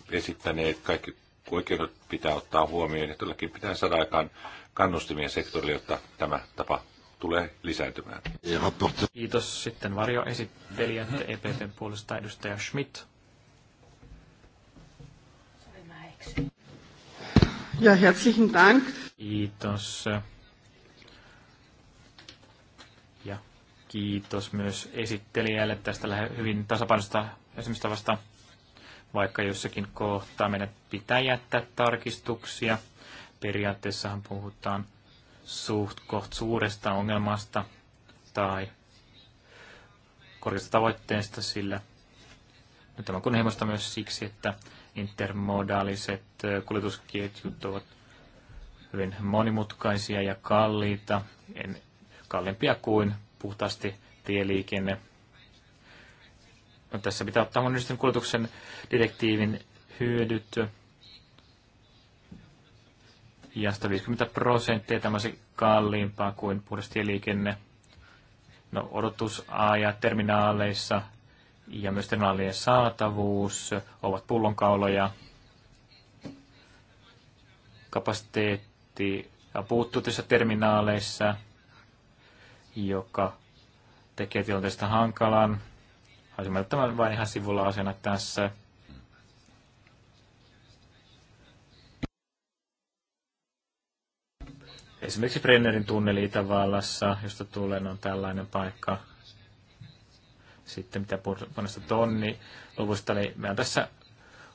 esittäneet, kaikki oikeudet pitää ottaa huomioon ja todellakin pitää saada aikaan kannustimien sektorille, jotta tämä tapa tulee lisääntymään. Kiitos sitten varjoesittelijät EPPn puolesta edustaja Schmidt. Ja herzlichen Dank. Kiitos. Ja kiitos myös esittelijälle tästä hyvin tasapainosta esimerkiksi vasta vaikka jossakin kohtaa meidän pitää jättää tarkistuksia. Periaatteessahan puhutaan suht koht suuresta ongelmasta tai korkeasta tavoitteesta, sillä no, tämä on kunnianhimoista myös siksi, että intermodaaliset kuljetusketjut ovat hyvin monimutkaisia ja kalliita, en, kalliimpia kuin puhtaasti tieliikenne – No, tässä pitää ottaa monenlaisen kulutuksen direktiivin hyödyt ja 150 prosenttia tämmöisen kalliimpaa kuin puhdas No, odotusaja terminaaleissa ja myös terminaalien saatavuus ovat pullonkauloja. Kapasiteetti puuttuu tässä terminaaleissa, joka tekee tilanteesta hankalan. Haluaisin Tämä vain ihan sivulla asiana tässä. Esimerkiksi Brennerin tunneli Itävallassa, josta tulee on tällainen paikka. Sitten mitä puhutaan tonni luvusta, eli niin meillä on tässä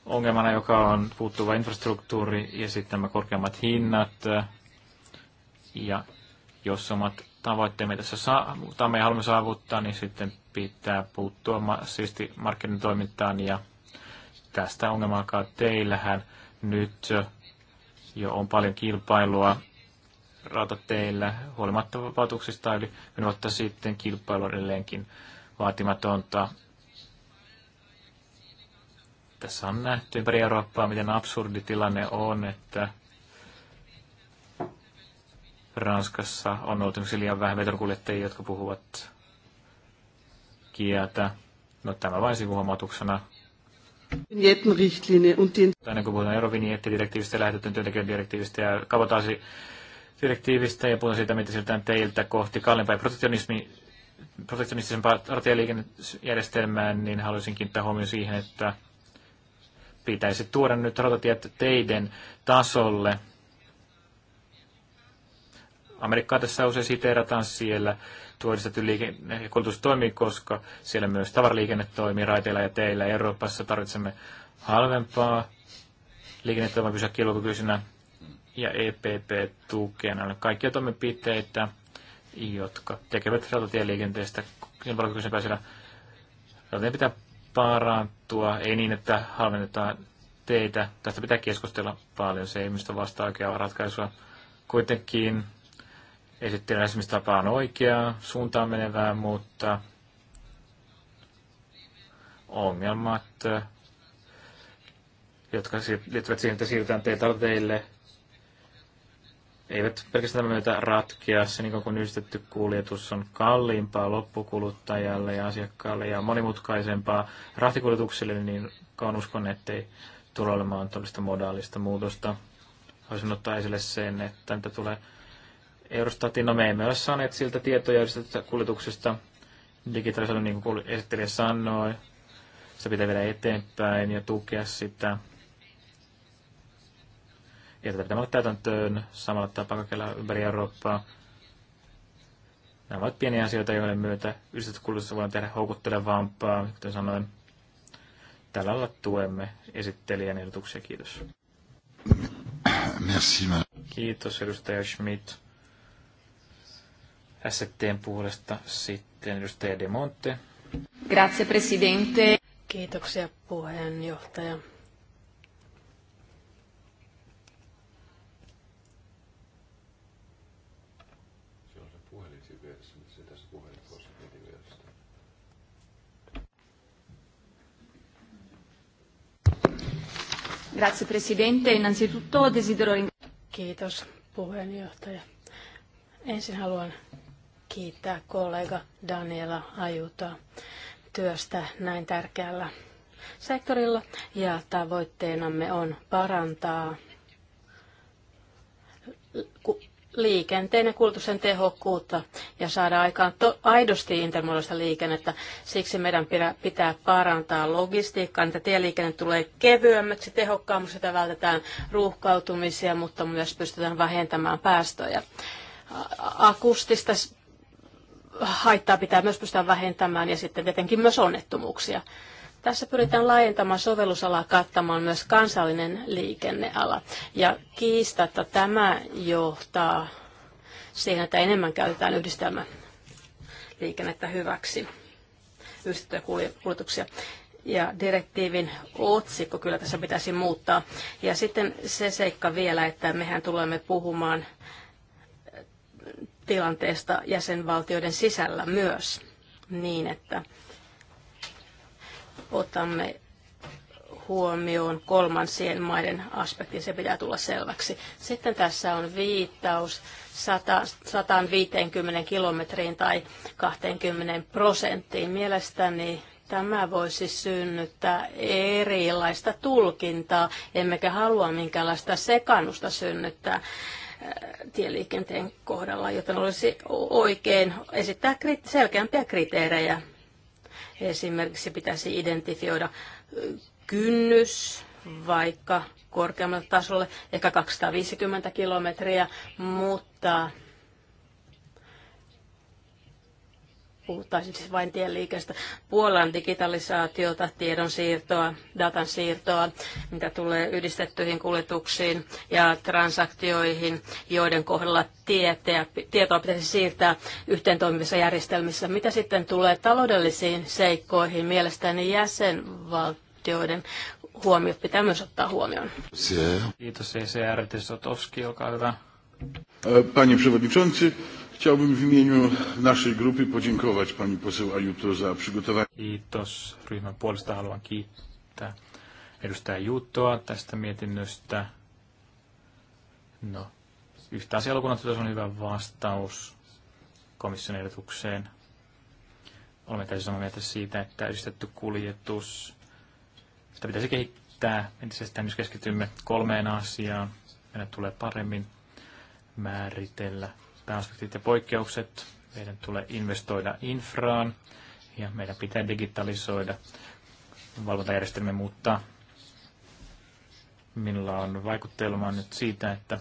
ongelmana, joka on puuttuva infrastruktuuri ja sitten nämä korkeammat hinnat. Ja jos omat tavoitteemme tässä saa, tai me haluamme saavuttaa, niin sitten pitää puuttua siisti markkinatoimintaan ja tästä ongelmaakaan teillähän. Nyt jo on paljon kilpailua rautateillä huolimatta vapautuksista yli vuotta sitten kilpailu on edelleenkin vaatimatonta. Tässä on nähty ympäri Eurooppaa, miten absurdi tilanne on, että Ranskassa on ollut liian vähän veturkuljettajia, jotka puhuvat kieltä. No tämä vain sivuhuomautuksena. Vinjettenrichtlinie und kun puhutaan eurovinjettidirektiivistä, lähetetyn työntekijän direktiivistä ja kabotaasi direktiivistä ja puhun siitä, miten siirrytään teiltä kohti kalliimpaa ja protektionismi, protektionistisempaa rautatieliikennejärjestelmää, niin haluaisin kiinnittää huomioon siihen, että pitäisi tuoda nyt rautatiet teiden tasolle. Amerikkaa tässä usein siteerataan siellä tuo liikenne kulutus toimii, koska siellä myös tavaraliikenne toimii raiteilla ja teillä. Euroopassa tarvitsemme halvempaa liikennettä, voi pysyä kilpailukykyisenä ja EPP tukena kaikkia toimenpiteitä, jotka tekevät rautatieliikenteestä kilpailukykyisempää, sillä rautatien pitää parantua, ei niin, että halvennetaan teitä. Tästä pitää keskustella paljon, se ei mistä vastaa oikeaa ratkaisua. Kuitenkin esittelen lähestymistapa on oikea, suuntaan menevää, mutta ongelmat, jotka liittyvät siihen, että siirrytään teitä teille, eivät pelkästään myötä ratkea se, niin kun yhdistetty kuljetus on kalliimpaa loppukuluttajalle ja asiakkaalle ja monimutkaisempaa rahtikuljetukselle, niin kauan uskon, ettei tule olemaan todellista modaalista muutosta. Haluaisin ottaa esille sen, että mitä tulee Eurostatin, no me emme ole saaneet siltä tietoja yhdistetystä kuljetuksesta. Digitalisoinnin, niin kuin esittelijä sanoi, Se pitää viedä eteenpäin ja tukea sitä. Ja tätä pitää olla täytäntöön samalla tapaa kaikilla ympäri Eurooppaa. Nämä ovat pieniä asioita, joiden myötä yhdistetty kulutusta voidaan tehdä houkuttelevampaa, kuten sanoin. Tällä lailla tuemme esittelijän ehdotuksia. Kiitos. Merci, Kiitos, edustaja Schmidt. STn puolesta sitten edustaja De Monte. Grazie presidente. Kiitoksia puheenjohtaja. Grazie Presidente. Innanzitutto desidero ringraziare. Kiitos puheenjohtaja. Ensin haluan kiittää kollega Daniela Ajuta työstä näin tärkeällä sektorilla ja tavoitteenamme on parantaa liikenteen ja kulutuksen tehokkuutta ja saada aikaan to- aidosti intermodalista liikennettä. Siksi meidän pitää parantaa logistiikkaa, niin että tieliikenne tulee kevyemmäksi, tehokkaammaksi, sitä vältetään ruuhkautumisia, mutta myös pystytään vähentämään päästöjä. Akustista haittaa pitää myös pystyä vähentämään ja sitten tietenkin myös onnettomuuksia. Tässä pyritään laajentamaan sovellusalaa kattamaan myös kansallinen liikenneala. Ja kiistatta tämä johtaa siihen, että enemmän käytetään yhdistelmä liikennettä hyväksi, yhdistettyjä kuljetuksia. Ja direktiivin otsikko kyllä tässä pitäisi muuttaa. Ja sitten se seikka vielä, että mehän tulemme puhumaan tilanteesta jäsenvaltioiden sisällä myös niin, että otamme huomioon kolmansien maiden aspektin, se pitää tulla selväksi. Sitten tässä on viittaus 100, 150 kilometriin tai 20 prosenttiin. Mielestäni tämä voisi synnyttää erilaista tulkintaa, emmekä halua minkäänlaista sekannusta synnyttää tieliikenteen kohdalla, joten olisi oikein esittää selkeämpiä kriteerejä. Esimerkiksi pitäisi identifioida kynnys vaikka korkeammalle tasolle, ehkä 250 kilometriä, mutta puhutaan siis vain tieliikestä. Puolan digitalisaatiota, tiedonsiirtoa, datan siirtoa, mitä tulee yhdistettyihin kuljetuksiin ja transaktioihin, joiden kohdalla tieteä, tietoa pitäisi siirtää yhteen toimivissa järjestelmissä. Mitä sitten tulee taloudellisiin seikkoihin, mielestäni jäsenvaltioiden huomio pitää myös ottaa huomioon. Kiitos ECR Sotowski, olkaa hyvä. Panie przewodniczący, Chciałbym w imieniu naszej grupy podziękować pani poseł Ajuto za przygotowanie. I to z Ryhmän puolesta haluan kiittää edustaja Juttoa tästä mietinnöstä. No, yhtä asiaa lukuun on hyvä vastaus komission ehdotukseen. Olemme täysin samaa mieltä siitä, että yhdistetty kuljetus, sitä pitäisi kehittää entisestään, myös keskitymme kolmeen asiaan. Meidän tulee paremmin määritellä aspektit ja poikkeukset. Meidän tulee investoida infraan ja meidän pitää digitalisoida valvontajärjestelmä muuttaa. Minulla on vaikutelma nyt siitä, että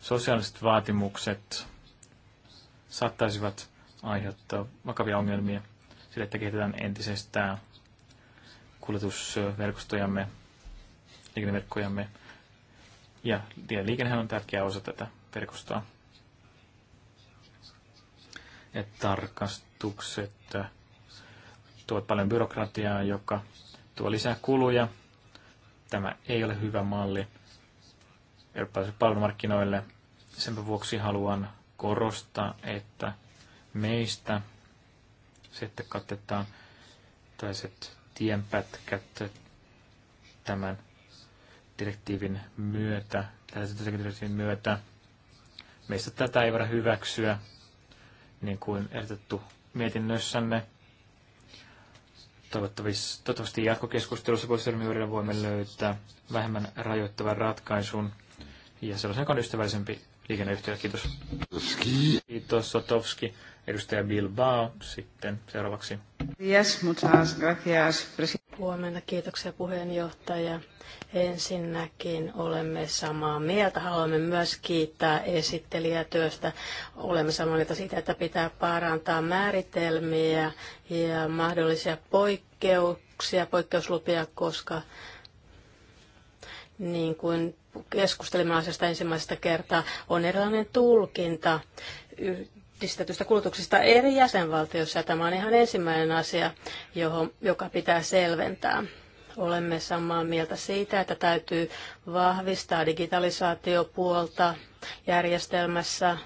sosiaaliset vaatimukset saattaisivat aiheuttaa vakavia ongelmia sille, että kehitetään entisestään kuljetusverkostojamme, liikenneverkkojamme. Ja liikennehän on tärkeä osa tätä verkostoa että tarkastukset tuovat paljon byrokratiaa, joka tuo lisää kuluja. Tämä ei ole hyvä malli eurooppalaisille palvelumarkkinoille. Sen vuoksi haluan korostaa, että meistä sitten katetaan tällaiset tienpätkät tämän direktiivin myötä, tällaisen direktiivin myötä. Meistä tätä ei voida hyväksyä niin kuin ehdotettu mietinnössänne. Toivottavasti jatkokeskustelussa pohjois voimme löytää vähemmän rajoittavan ratkaisun ja sellaisen, joka on ystävällisempi liikenneyhtiö. Kiitos. Kiitos Sotovski. Edustaja Bilbao sitten seuraavaksi. Yes, Huomenna kiitoksia puheenjohtaja. Ensinnäkin olemme samaa mieltä. Haluamme myös kiittää esittelijätyöstä. Olemme samaa mieltä siitä, että pitää parantaa määritelmiä ja mahdollisia poikkeuksia, poikkeuslupia, koska niin kuin keskustelimme asiasta ensimmäistä kertaa, on erilainen tulkinta yhdistetystä kulutuksesta eri jäsenvaltioissa. Tämä on ihan ensimmäinen asia, johon, joka pitää selventää. Olemme samaa mieltä siitä, että täytyy vahvistaa digitalisaatiopuolta järjestelmässä,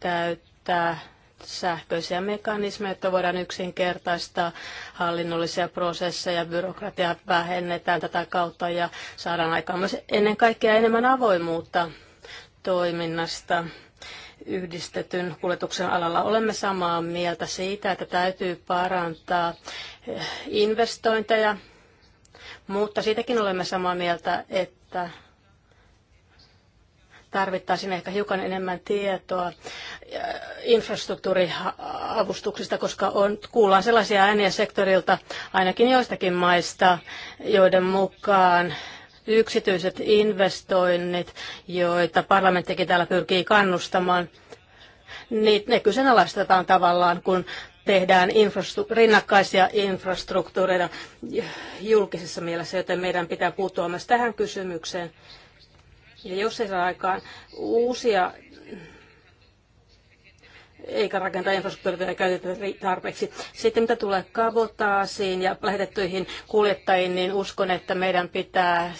käyttää sähköisiä mekanismeja, että voidaan yksinkertaistaa hallinnollisia prosesseja, byrokratiaa vähennetään tätä kautta ja saadaan aikaan myös ennen kaikkea enemmän avoimuutta toiminnasta yhdistetyn kuljetuksen alalla. Olemme samaa mieltä siitä, että täytyy parantaa eh, investointeja, mutta siitäkin olemme samaa mieltä, että tarvittaisiin ehkä hiukan enemmän tietoa eh, infrastruktuuriavustuksista, koska on, kuullaan sellaisia ääniä sektorilta, ainakin joistakin maista, joiden mukaan yksityiset investoinnit, joita parlamenttikin täällä pyrkii kannustamaan, niin ne kyseenalaistetaan tavallaan, kun tehdään infrastru- rinnakkaisia infrastruktuureita julkisessa mielessä, joten meidän pitää puuttua myös tähän kysymykseen. Ja jos ei saa aikaan uusia eikä rakentaa infrastruktuuria käytetä tarpeeksi. Sitten mitä tulee kabotaasiin ja lähetettyihin kuljettajiin, niin uskon, että meidän pitää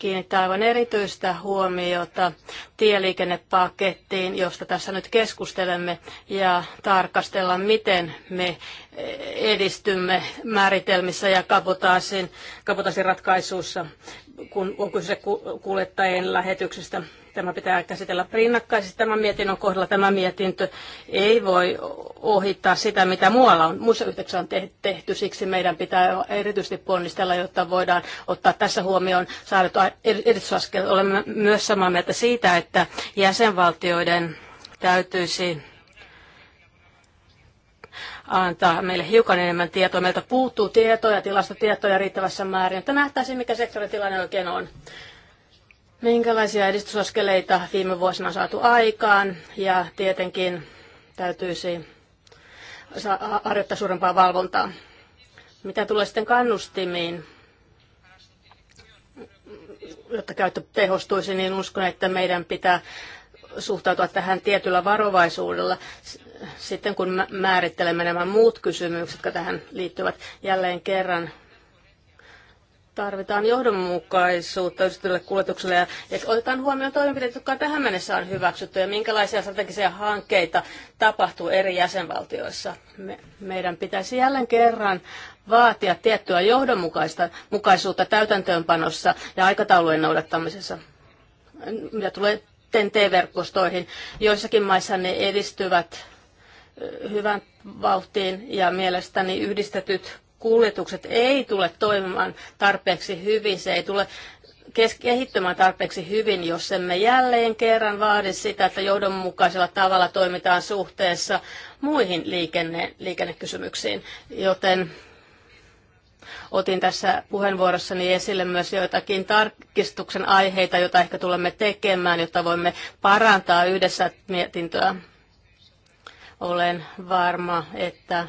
kiinnittää aivan erityistä huomiota tieliikennepakettiin, josta tässä nyt keskustelemme, ja tarkastella, miten me edistymme määritelmissä ja kabotaasin, kabotaasin ratkaisuissa, kun on kyse kuljettajien lähetyksestä Tämä pitää käsitellä rinnakkaisesti tämän mietinnön kohdalla. Tämä mietintö ei voi ohittaa sitä, mitä muualla on, muissa yhteyksissä on tehty. Siksi meidän pitää erityisesti ponnistella, jotta voidaan ottaa tässä huomioon saadut edistysaskel. Olemme myös samaa mieltä siitä, että jäsenvaltioiden täytyisi antaa meille hiukan enemmän tietoa. Meiltä puuttuu tietoja, tilastotietoja riittävässä määrin, että nähtäisiin, mikä sektoritilanne oikein on minkälaisia edistysaskeleita viime vuosina on saatu aikaan ja tietenkin täytyisi harjoittaa suurempaa valvontaa. Mitä tulee sitten kannustimiin, jotta käyttö tehostuisi, niin uskon, että meidän pitää suhtautua tähän tietyllä varovaisuudella sitten kun määrittelemme nämä muut kysymykset, jotka tähän liittyvät. Jälleen kerran tarvitaan johdonmukaisuutta yksityiselle kuljetukselle ja, ja otetaan huomioon toimenpiteet, jotka tähän mennessä on hyväksytty ja minkälaisia strategisia hankkeita tapahtuu eri jäsenvaltioissa. Me, meidän pitäisi jälleen kerran vaatia tiettyä johdonmukaisuutta täytäntöönpanossa ja aikataulujen noudattamisessa. Mitä tulee tnt verkostoihin joissakin maissa ne edistyvät hyvän vauhtiin ja mielestäni yhdistetyt kuljetukset ei tule toimimaan tarpeeksi hyvin, se ei tule kehittymään tarpeeksi hyvin, jos emme jälleen kerran vaadi sitä, että johdonmukaisella tavalla toimitaan suhteessa muihin liikenne, liikennekysymyksiin. Joten otin tässä puheenvuorossani esille myös joitakin tarkistuksen aiheita, joita ehkä tulemme tekemään, jotta voimme parantaa yhdessä mietintöä. Olen varma, että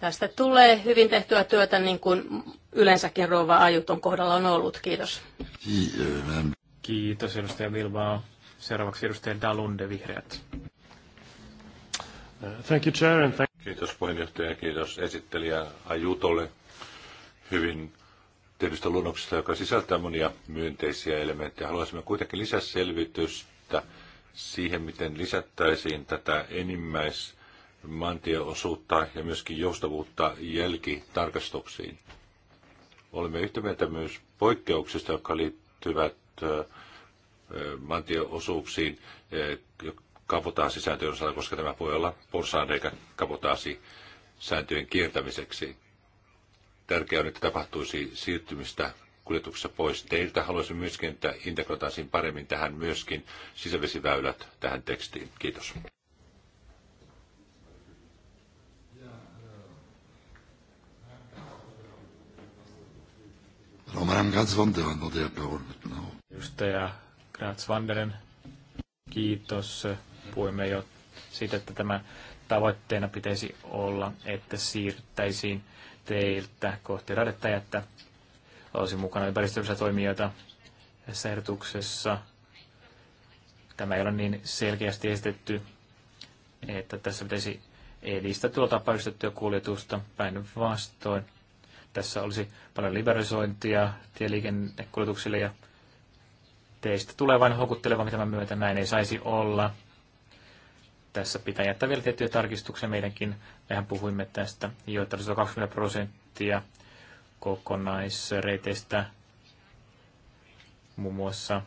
Tästä tulee hyvin tehtyä työtä, niin kuin yleensäkin rouva Ajuton kohdalla on ollut. Kiitos. Kiitos, edustaja Bilbao. Seuraavaksi edustaja Dalunde, Vihreät. Thank you, Chair, and thank... Kiitos puheenjohtaja ja kiitos esittelijä Ajutolle hyvin tehdystä luonnoksesta, joka sisältää monia myönteisiä elementtejä. Haluaisimme kuitenkin lisäselvitystä siihen, miten lisättäisiin tätä enimmäis maantieosuutta ja myöskin joustavuutta jälkitarkastuksiin. Olemme yhtä mieltä myös poikkeuksista, jotka liittyvät maantieosuuksiin kapotaasisääntöjen osalta, koska tämä voi olla porsaanreikä kapotaasisääntöjen kiertämiseksi. Tärkeää on, että tapahtuisi siirtymistä kuljetuksessa pois teiltä. Haluaisin myöskin, että integroitaisiin paremmin tähän myöskin sisävesiväylät tähän tekstiin. Kiitos. No, Madame Gratz van der on der no. Edustaja Gratz Vanderen, kiitos. Puhuimme jo siitä, että tämä tavoitteena pitäisi olla, että siirtäisiin teiltä kohti radetta ja että olisi mukana ympäristöllisiä toimijoita tässä ehdotuksessa. Tämä ei ole niin selkeästi esitetty, että tässä pitäisi edistää tuota tapaistettua kuljetusta päinvastoin tässä olisi paljon liberalisointia tieliikennekuljetuksille ja teistä tulee vain houkuttelevampi tämän myötä. Näin ei saisi olla. Tässä pitää jättää vielä tiettyjä tarkistuksia. Meidänkin mehän puhuimme tästä jo 20 prosenttia kokonaisreiteistä muun muassa.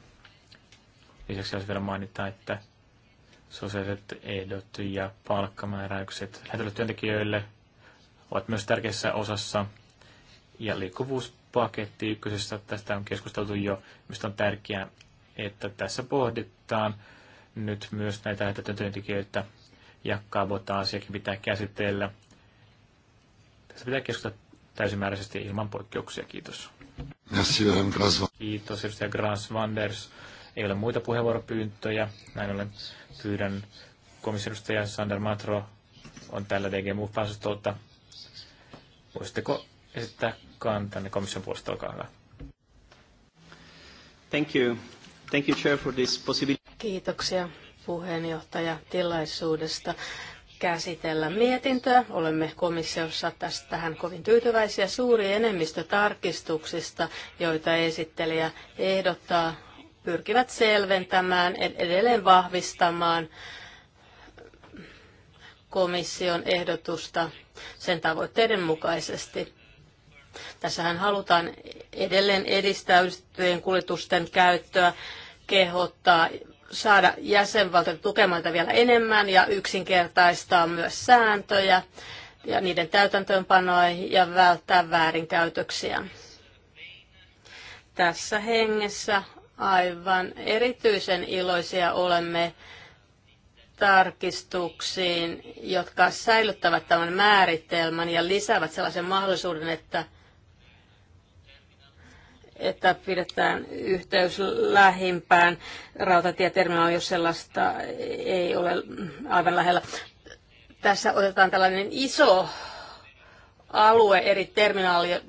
Lisäksi olisi vielä mainita, että sosiaaliset ehdot ja palkkamääräykset lähetetyille työntekijöille ovat myös tärkeässä osassa – ja liikkuvuuspaketti ykkösessä, tästä on keskusteltu jo, mistä on tärkeää, että tässä pohditaan nyt myös näitä työntekijöitä ja kaavoita-asiakin pitää käsitellä. Tässä pitää keskustella täysimääräisesti ilman poikkeuksia. Kiitos. Kiitos, edustaja Grans Wanders. Ei ole muita puheenvuoropyyntöjä. Näin ollen pyydän komissiodustaja Sander Matro on täällä DG Move-pääsystolta. Voisitteko esittää kantanne komission puolesta. Olkaa hyvä. Thank you. Thank you, Chair, for this possibility. Kiitoksia puheenjohtaja tilaisuudesta käsitellä mietintöä. Olemme komissiossa tästä tähän kovin tyytyväisiä. Suuri enemmistö tarkistuksista, joita esittelijä ehdottaa, pyrkivät selventämään, edelleen vahvistamaan komission ehdotusta sen tavoitteiden mukaisesti. Tässähän halutaan edelleen edistää yksityisten kuljetusten käyttöä, kehottaa saada jäsenvaltiot tukemaan vielä enemmän ja yksinkertaistaa myös sääntöjä ja niiden täytäntöönpanoa ja välttää väärinkäytöksiä. Tässä hengessä aivan erityisen iloisia olemme tarkistuksiin, jotka säilyttävät tämän määritelmän ja lisäävät sellaisen mahdollisuuden, että että pidetään yhteys lähimpään rautatieterminaaliin, jos sellaista ei ole aivan lähellä. Tässä otetaan tällainen iso alue eri terminaalien,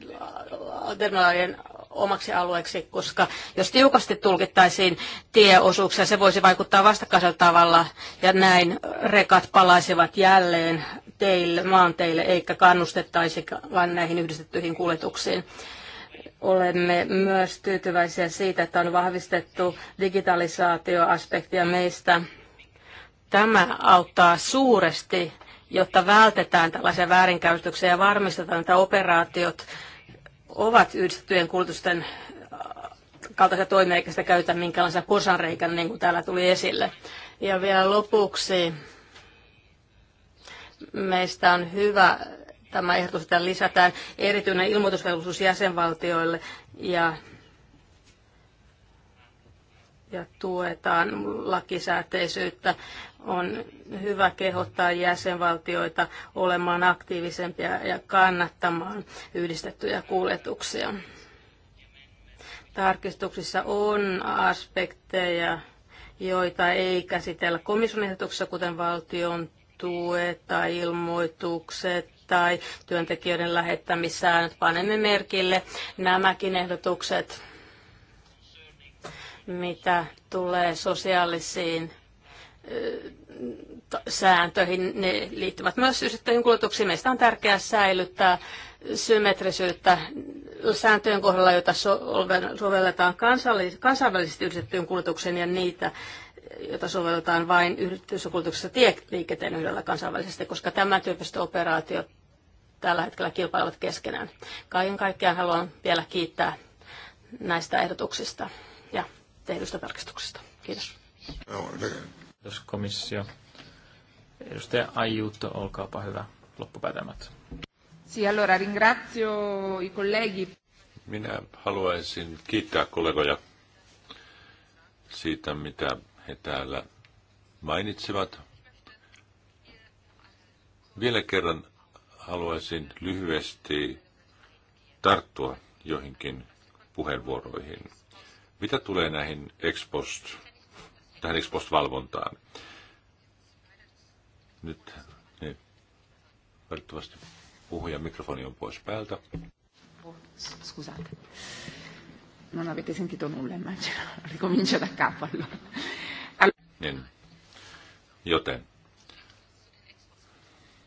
terminaalien omaksi alueeksi, koska jos tiukasti tulkittaisiin tieosuuksia, se voisi vaikuttaa vastakkaisella tavalla ja näin rekat palaisivat jälleen teille, maanteille, eikä vain näihin yhdistettyihin kuljetuksiin. Olemme myös tyytyväisiä siitä, että on vahvistettu digitalisaatioaspektia meistä. Tämä auttaa suuresti, jotta vältetään tällaisia väärinkäytöksiä ja varmistetaan, että operaatiot ovat yhdistettyjen kulutusten äh, kaltaisia toimia, eikä sitä käytä minkäänlaisen porsanreikän, niin kuin täällä tuli esille. Ja vielä lopuksi meistä on hyvä Tämä ehdotus, että lisätään erityinen ilmoitusvelvollisuus jäsenvaltioille ja ja tuetaan lakisääteisyyttä. On hyvä kehottaa jäsenvaltioita olemaan aktiivisempia ja kannattamaan yhdistettyjä kuljetuksia. Tarkistuksissa on aspekteja, joita ei käsitellä komission ehdotuksessa, kuten valtion tuet tai ilmoitukset tai työntekijöiden lähettämissäännöt. Panemme merkille nämäkin ehdotukset, mitä tulee sosiaalisiin sääntöihin. Ne liittyvät myös yksittäisiin kulutuksiin. Meistä on tärkeää säilyttää symmetrisyyttä sääntöjen kohdalla, joita sovelletaan kansainvälisesti yhdistettyyn kulutukseen ja niitä jota sovelletaan vain yhdistyskuljetuksessa tieliikenteen yhdellä kansainvälisesti, koska tämän tyyppiset operaatiot tällä hetkellä kilpailevat keskenään. Kaiken kaikkiaan haluan vielä kiittää näistä ehdotuksista ja tehdyistä tarkistuksista. Kiitos. Kiitos komissio. Edustaja Aiuto, olkaapa hyvä. Loppupäätelmät. Sì, allora ringrazio i colleghi. Minä haluaisin kiittää kollegoja siitä, mitä he täällä mainitsevat Vielä kerran haluaisin lyhyesti tarttua joihinkin puheenvuoroihin. Mitä tulee näihin ex post, tähän ex post valvontaan? Nyt niin, valitettavasti puhujan mikrofoni on pois päältä. Oh, Scusate non avete sentito nulla, immagino. da capo allora. Niin. Joten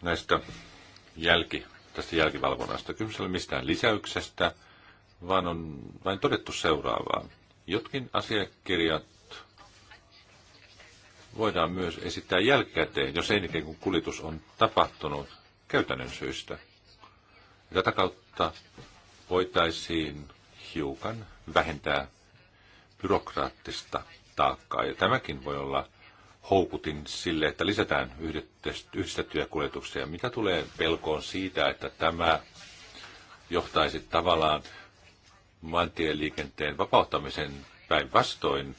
näistä jälki, tästä jälkivalvonnasta. kyse ei ole mistään lisäyksestä, vaan on vain todettu seuraavaa. Jotkin asiakirjat voidaan myös esittää jälkikäteen, jos ennen kuin kuljetus on tapahtunut käytännön syistä. Tätä kautta voitaisiin hiukan vähentää byrokraattista taakkaa. Ja tämäkin voi olla houkutin sille, että lisätään yhdistettyjä kuljetuksia. Mitä tulee pelkoon siitä, että tämä johtaisi tavallaan maantieliikenteen vapauttamisen päinvastoin?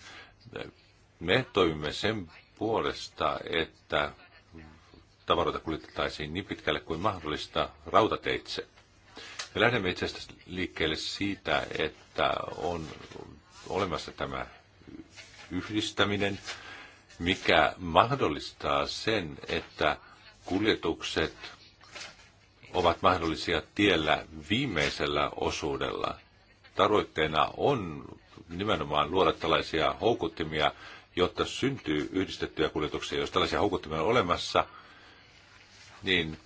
Me toimimme sen puolesta, että tavaroita kuljetettaisiin niin pitkälle kuin mahdollista rautateitse. Me lähdemme itse asiassa liikkeelle siitä, että on olemassa tämä yhdistäminen, mikä mahdollistaa sen, että kuljetukset ovat mahdollisia tiellä viimeisellä osuudella. Tavoitteena on nimenomaan luoda tällaisia houkuttimia, jotta syntyy yhdistettyjä kuljetuksia. Jos tällaisia houkuttimia on olemassa, niin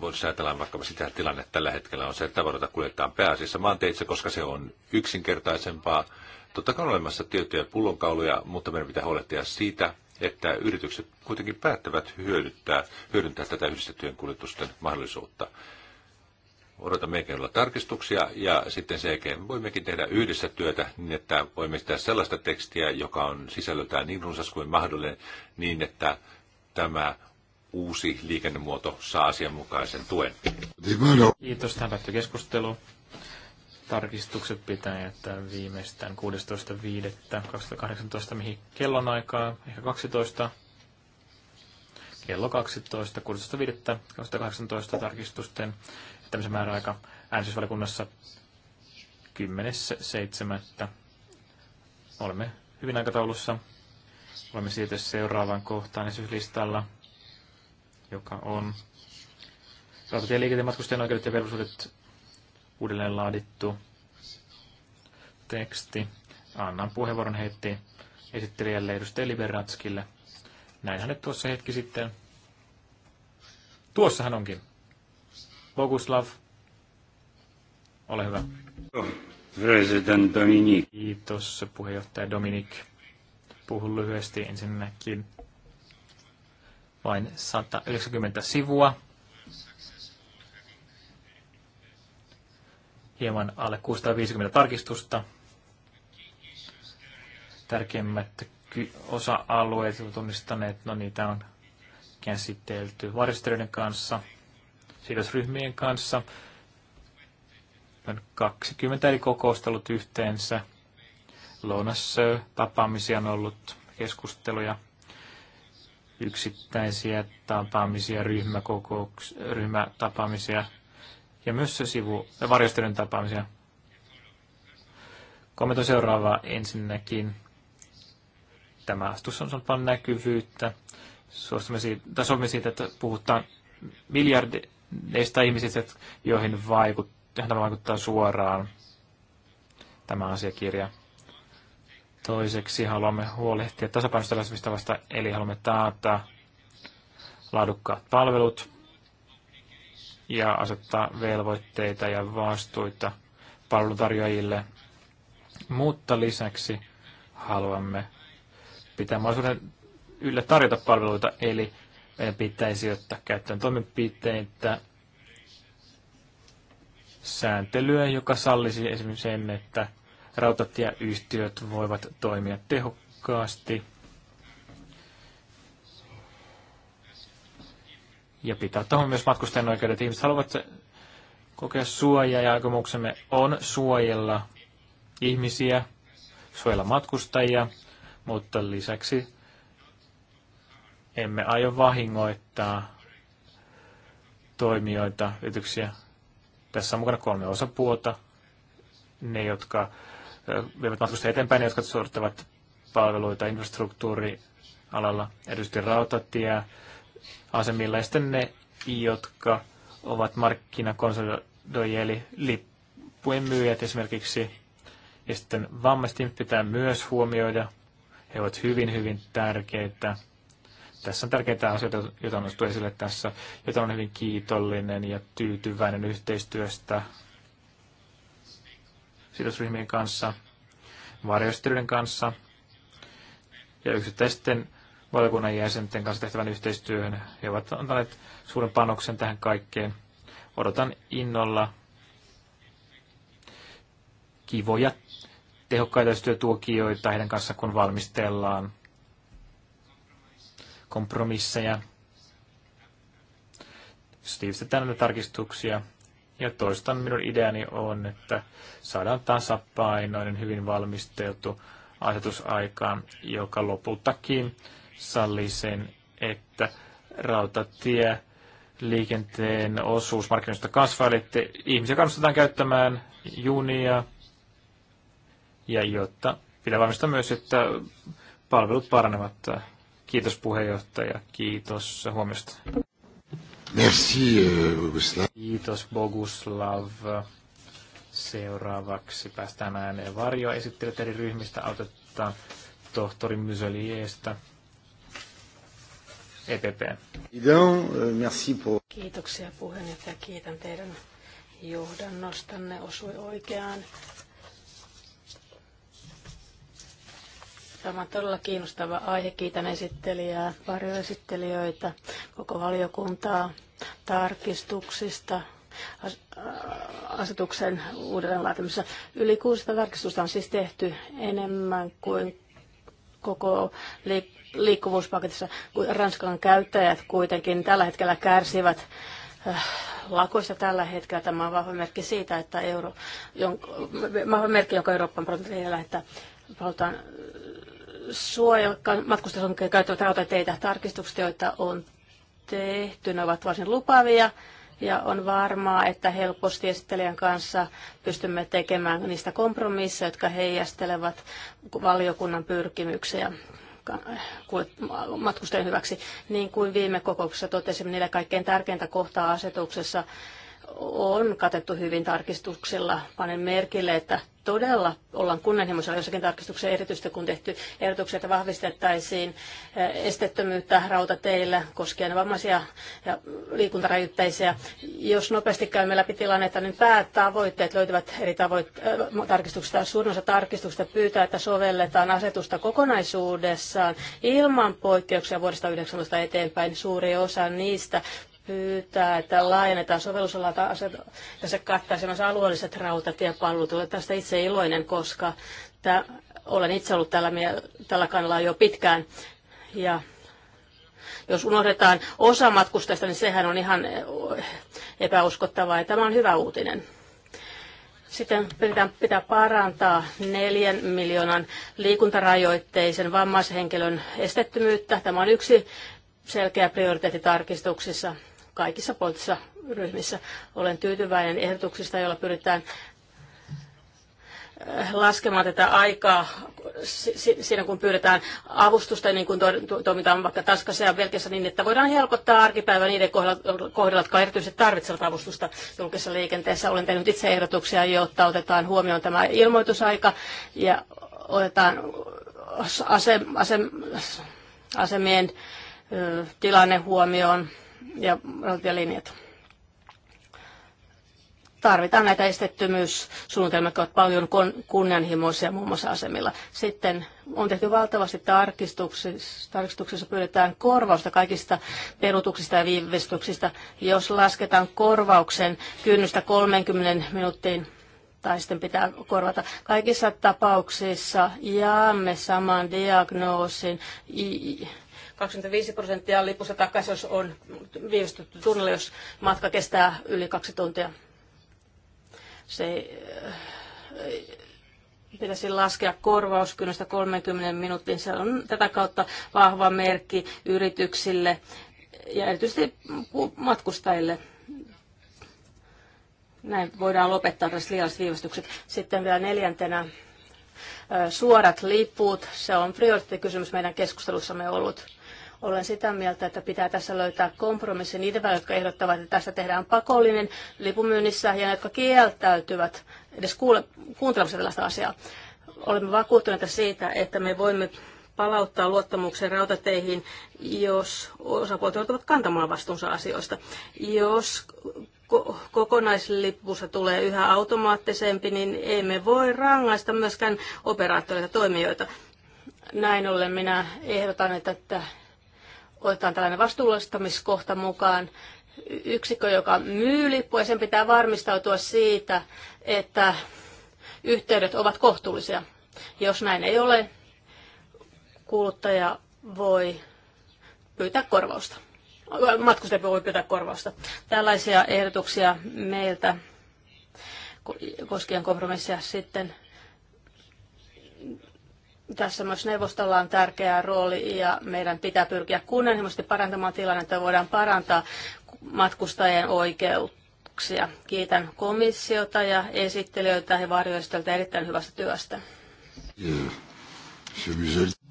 voisi ajatella vaikka sitä tilanne tällä hetkellä on se, että tavaroita kuljetaan pääasiassa maanteitse, koska se on yksinkertaisempaa. Totta kai on olemassa tiettyjä pullonkauluja, mutta meidän pitää huolehtia siitä, että yritykset kuitenkin päättävät hyödyttää, hyödyntää tätä yhdistettyjen kuljetusten mahdollisuutta. Odotamme olla tarkistuksia ja sitten sen jälkeen voimmekin tehdä yhdessä työtä niin, että voimme tehdä sellaista tekstiä, joka on sisällöltään niin runsas kuin mahdollinen, niin että tämä uusi liikennemuoto saa asianmukaisen tuen. Kiitos, tähän päättyy keskustelu. Tarkistukset pitää jättää viimeistään 16.5.2018, mihin aikaa, ehkä 12. Kello 12, 16.5.2018 tarkistusten jättämisen määräaika äänestysvalikunnassa 10.7. Olemme hyvin aikataulussa. Olemme siitä seuraavaan kohtaan esityslistalla joka on rautatieliikenteen matkustajan oikeudet ja velvollisuudet uudelleen laadittu teksti. Annan puheenvuoron heti esittelijälle edustaja Liberatskille. Näin hänet tuossa hetki sitten. Tuossa hän onkin. Boguslav, ole hyvä. President Dominik. Kiitos puheenjohtaja Dominik. Puhun lyhyesti ensinnäkin vain 190 sivua. Hieman alle 650 tarkistusta. Tärkeimmät osa-alueet, ovat tunnistaneet, no niitä on käsitelty varjostelijoiden kanssa, sidosryhmien kanssa. On 20 eri kokousta ollut yhteensä. Lounassa tapaamisia on ollut, keskusteluja yksittäisiä tapaamisia, ryhmäkokouks- ryhmätapaamisia ja myös se sivu, varjostelun tapaamisia. Kommentoin seuraavaa ensinnäkin. Tämä astus on saanut paljon näkyvyyttä. Suostumme siitä, tai siitä, että puhutaan miljardeista ihmisistä, joihin vaikuttaa, vaikuttaa suoraan tämä asiakirja. Toiseksi haluamme huolehtia tasapainosta vasta, eli haluamme taata laadukkaat palvelut ja asettaa velvoitteita ja vastuita palveluntarjoajille. Mutta lisäksi haluamme pitää mahdollisuuden yllä tarjota palveluita, eli meidän eh, pitäisi ottaa käyttöön toimenpiteitä, sääntelyä, joka sallisi esimerkiksi sen, että rautatieyhtiöt voivat toimia tehokkaasti ja pitää tuohon myös matkustajan oikeudet. Ihmiset haluavat kokea suojaa ja aikomuksemme on suojella ihmisiä, suojella matkustajia, mutta lisäksi emme aio vahingoittaa toimijoita, yrityksiä. Tässä on mukana kolme osapuolta. Ne, jotka vievät matkustajia eteenpäin, jotka suorittavat palveluita infrastruktuurialalla, erityisesti rautatie, asemilla, ja sitten ne, jotka ovat markkinakonsolidoijia, eli lippujen myyjät esimerkiksi, ja sitten vammaisten pitää myös huomioida. He ovat hyvin, hyvin tärkeitä. Tässä on tärkeitä asioita, joita on nostettu esille tässä, jota on hyvin kiitollinen ja tyytyväinen yhteistyöstä sidosryhmien kanssa, varjostelijoiden kanssa ja yksittäisten valiokunnan jäsenten kanssa tehtävän yhteistyöhön. He ovat antaneet suuren panoksen tähän kaikkeen. Odotan innolla kivoja, tehokkaita työtuokioita heidän kanssa, kun valmistellaan kompromisseja. Steve tiivistetään näitä tarkistuksia, ja toistan minun ideani on, että saadaan tasapainoinen, hyvin valmisteltu asetusaikaan, joka lopultakin sallii sen, että rautatie liikenteen osuus markkinoista kasvaa, eli että ihmisiä kannustetaan käyttämään junia, ja jotta pitää varmistaa myös, että palvelut paranevat. Kiitos puheenjohtaja, kiitos huomiosta. Merci, euh, Boguslav. Kiitos, Boguslav. Seuraavaksi päästään ääneen varjoa. Esittelyt eri ryhmistä autetaan tohtori Myseliestä. EPP. Kiitoksia puheenjohtaja. Kiitän teidän johdannostanne. Osui oikeaan. Tämä on todella kiinnostava aihe. Kiitän esittelijää, varjoesittelijöitä, koko valiokuntaa tarkistuksista äh, asetuksen uudelleenlaatimisessa. Yli 600 tarkistusta on siis tehty enemmän kuin koko liikkuvuuspaketissa. Ranskan käyttäjät kuitenkin tällä hetkellä kärsivät äh, lakoista tällä hetkellä. Tämä on vahva merkki siitä, että euro, jonka, vahva merkki, jonka Euroopan parlamentti lähettää, halutaan äh, suojella matkustusonkkeen käyttävät rautateitä tarkistuksista, joita on tehty. Ne ovat varsin lupavia ja on varmaa, että helposti esittelijän kanssa pystymme tekemään niistä kompromisseja, jotka heijastelevat valiokunnan pyrkimyksiä matkustajien hyväksi. Niin kuin viime kokouksessa totesimme, niillä kaikkein tärkeintä kohtaa asetuksessa on katettu hyvin tarkistuksilla. Panen merkille, että todella ollaan kunnianhimoisella jossakin tarkistuksessa, erityisesti kun tehty ehdotuksia, että vahvistettaisiin eh, estettömyyttä rautateillä koskien vammaisia ja liikuntarajoitteisia. Jos nopeasti käymme läpi tilannetta, niin päätavoitteet löytyvät eri tavoitteet eh, tarkistuksista. Suurin osa tarkistuksista pyytää, että sovelletaan asetusta kokonaisuudessaan ilman poikkeuksia vuodesta 2019 eteenpäin. Suuri osa niistä pyytää, että laajennetaan se kattaa kattaisi myös alueelliset rautatiepalvelut. Tästä itse iloinen, koska tää, olen itse ollut tällä, tällä kannalla jo pitkään. Ja jos unohdetaan osa matkustajista, niin sehän on ihan epäuskottavaa ja tämä on hyvä uutinen. Sitten pitää, pitää parantaa neljän miljoonan liikuntarajoitteisen vammaishenkilön estettömyyttä. Tämä on yksi selkeä prioriteetti tarkistuksissa kaikissa poliittisissa ryhmissä. Olen tyytyväinen ehdotuksista, joilla pyritään eh, laskemaan tätä aikaa siinä, kun pyydetään avustusta, niin kuin toimitaan vaikka Tanskassa ja Belgiassa niin, että voidaan helpottaa arkipäivää niiden kohdalla, jotka erityisesti tarvitsevat avustusta julkisessa liikenteessä. Olen tehnyt itse ehdotuksia, jotta otetaan huomioon tämä ilmoitusaika ja otetaan asem, asem, asemien tilanne huomioon ja rautatielinjat. Tarvitaan näitä estettömyyssuunnitelmia, jotka ovat paljon kunnianhimoisia muun muassa asemilla. Sitten on tehty valtavasti tarkistuksissa, tarkistuksissa pyydetään korvausta kaikista perutuksista ja viivästyksistä. Jos lasketaan korvauksen kynnystä 30 minuuttiin, tai sitten pitää korvata. Kaikissa tapauksissa jaamme saman diagnoosin 25 prosenttia lipusta takaisin, jos on viivästytty tunnilla, jos matka kestää yli kaksi tuntia. Se eh, pitäisi laskea korvauskynnystä 30 minuuttiin. Se on tätä kautta vahva merkki yrityksille ja erityisesti matkustajille. Näin voidaan lopettaa tässä liialliset viivästykset. Sitten vielä neljäntenä eh, suorat liput. Se on prioriteettikysymys meidän keskustelussamme ollut. Olen sitä mieltä, että pitää tässä löytää kompromissi niiden välillä, jotka ehdottavat, että tästä tehdään pakollinen lipumyynnissä ja ne, jotka kieltäytyvät edes kuule, kuuntelemassa tällaista asiaa. Olemme vakuuttuneita siitä, että me voimme palauttaa luottamuksen rautateihin, jos osapuolet joutuvat kantamaan vastuunsa asioista. Jos ko- kokonaislipusta tulee yhä automaattisempi, niin emme voi rangaista myöskään operaattoreita toimijoita. Näin ollen minä ehdotan, että otetaan tällainen vastuullistamiskohta mukaan, yksikkö, joka myy lippuja, sen pitää varmistautua siitä, että yhteydet ovat kohtuullisia. Jos näin ei ole, kuluttaja voi pyytää korvausta. Matkustaja voi pyytää korvausta. Tällaisia ehdotuksia meiltä koskien kompromissia sitten tässä myös neuvostolla on tärkeä rooli ja meidän pitää pyrkiä kunnianhimoisesti parantamaan tilannetta ja voidaan parantaa matkustajien oikeuksia. Kiitän komissiota ja esittelijöitä ja varjoistelta erittäin hyvästä työstä.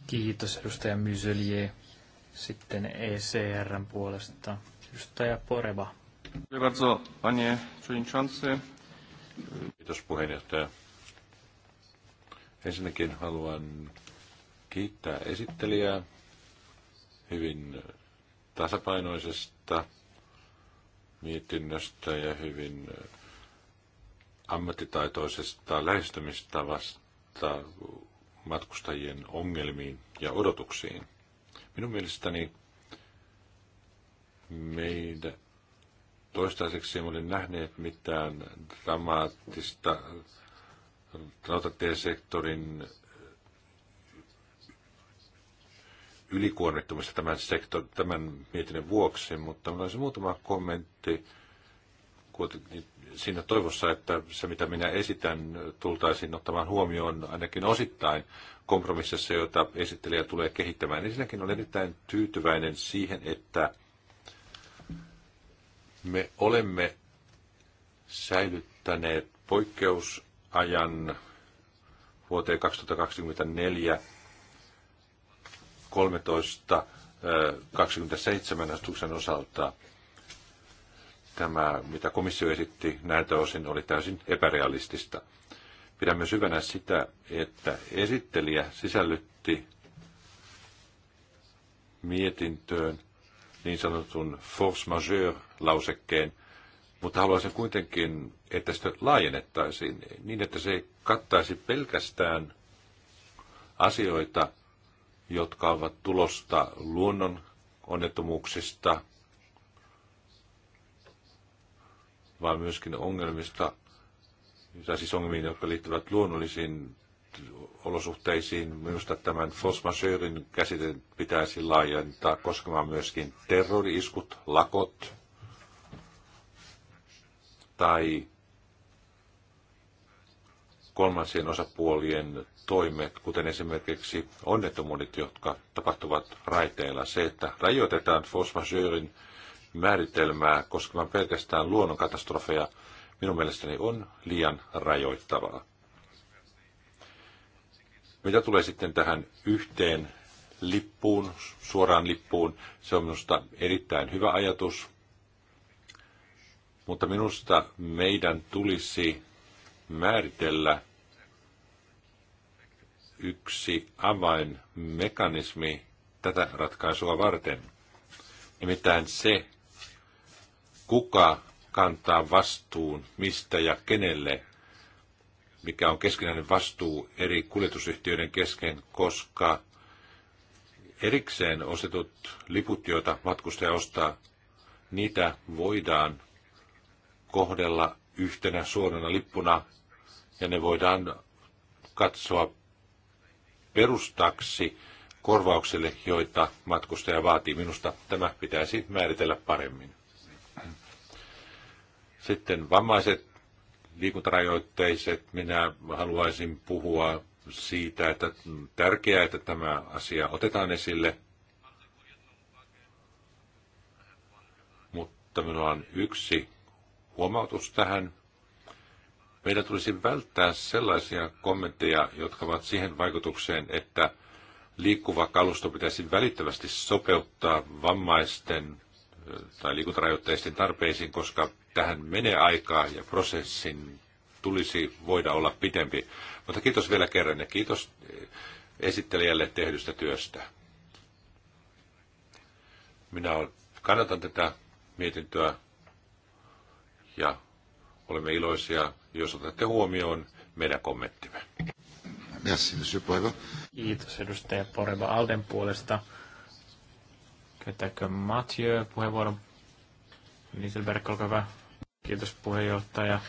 Kiitos edustaja Myselier. Sitten ECRn puolesta edustaja Poreva. Kiitos puheenjohtaja. Ensinnäkin haluan kiittää esittelijää hyvin tasapainoisesta mietinnöstä ja hyvin ammattitaitoisesta lähestymistavasta matkustajien ongelmiin ja odotuksiin. Minun mielestäni meidän toistaiseksi emme ole nähneet mitään dramaattista rautatiesektorin eh, ylikuormittumista tämän, sektor, tämän mietinnön vuoksi, mutta minulla olisi muutama kommentti niin siinä toivossa, että se mitä minä esitän tultaisiin ottamaan huomioon ainakin osittain kompromississa, jota esittelijä tulee kehittämään. Ensinnäkin olen erittäin tyytyväinen siihen, että me olemme säilyttäneet poikkeus ajan vuoteen 2024 13 27 astuksen osalta tämä, mitä komissio esitti näiltä osin, oli täysin epärealistista. Pidän myös hyvänä sitä, että esittelijä sisällytti mietintöön niin sanotun force majeure-lausekkeen, mutta haluaisin kuitenkin, että sitä laajennettaisiin niin, että se kattaisi pelkästään asioita, jotka ovat tulosta luonnon onnettomuuksista, vaan myöskin ongelmista, tai siis ongelmiin, jotka liittyvät luonnollisiin olosuhteisiin. Minusta tämän Fosmasöörin käsite pitäisi laajentaa koskemaan myöskin terrori-iskut, lakot, tai kolmansien osapuolien toimet, kuten esimerkiksi onnettomuudet, jotka tapahtuvat raiteilla. Se, että rajoitetaan force majeurin määritelmää koskemaan pelkästään luonnonkatastrofeja, minun mielestäni on liian rajoittavaa. Mitä tulee sitten tähän yhteen lippuun, suoraan lippuun, se on minusta erittäin hyvä ajatus, mutta minusta meidän tulisi määritellä yksi avainmekanismi tätä ratkaisua varten. Nimittäin se, kuka kantaa vastuun, mistä ja kenelle, mikä on keskinäinen vastuu eri kuljetusyhtiöiden kesken, koska erikseen ostetut liput, joita matkustaja ostaa, niitä voidaan kohdella yhtenä suorana lippuna ja ne voidaan katsoa perustaksi korvauksille, joita matkustaja vaatii. Minusta tämä pitäisi määritellä paremmin. Sitten vammaiset liikuntarajoitteiset. Minä haluaisin puhua siitä, että tärkeää, että tämä asia otetaan esille. Mutta minulla on yksi huomautus tähän. Meidän tulisi välttää sellaisia kommentteja, jotka ovat siihen vaikutukseen, että liikkuva kalusto pitäisi välittävästi sopeuttaa vammaisten tai liikuntarajoitteisten tarpeisiin, koska tähän menee aikaa ja prosessin tulisi voida olla pitempi. Mutta kiitos vielä kerran ja kiitos esittelijälle tehdystä työstä. Minä kannatan tätä mietintöä ja olemme iloisia, jos otatte huomioon meidän kommenttimme. Merci, monsieur Poiva. Kiitos edustaja Poreva Alden puolesta. Käyttääkö Mathieu puheenvuoron? Nieselberg, olkaa hyvä. Kiitos puheenjohtaja.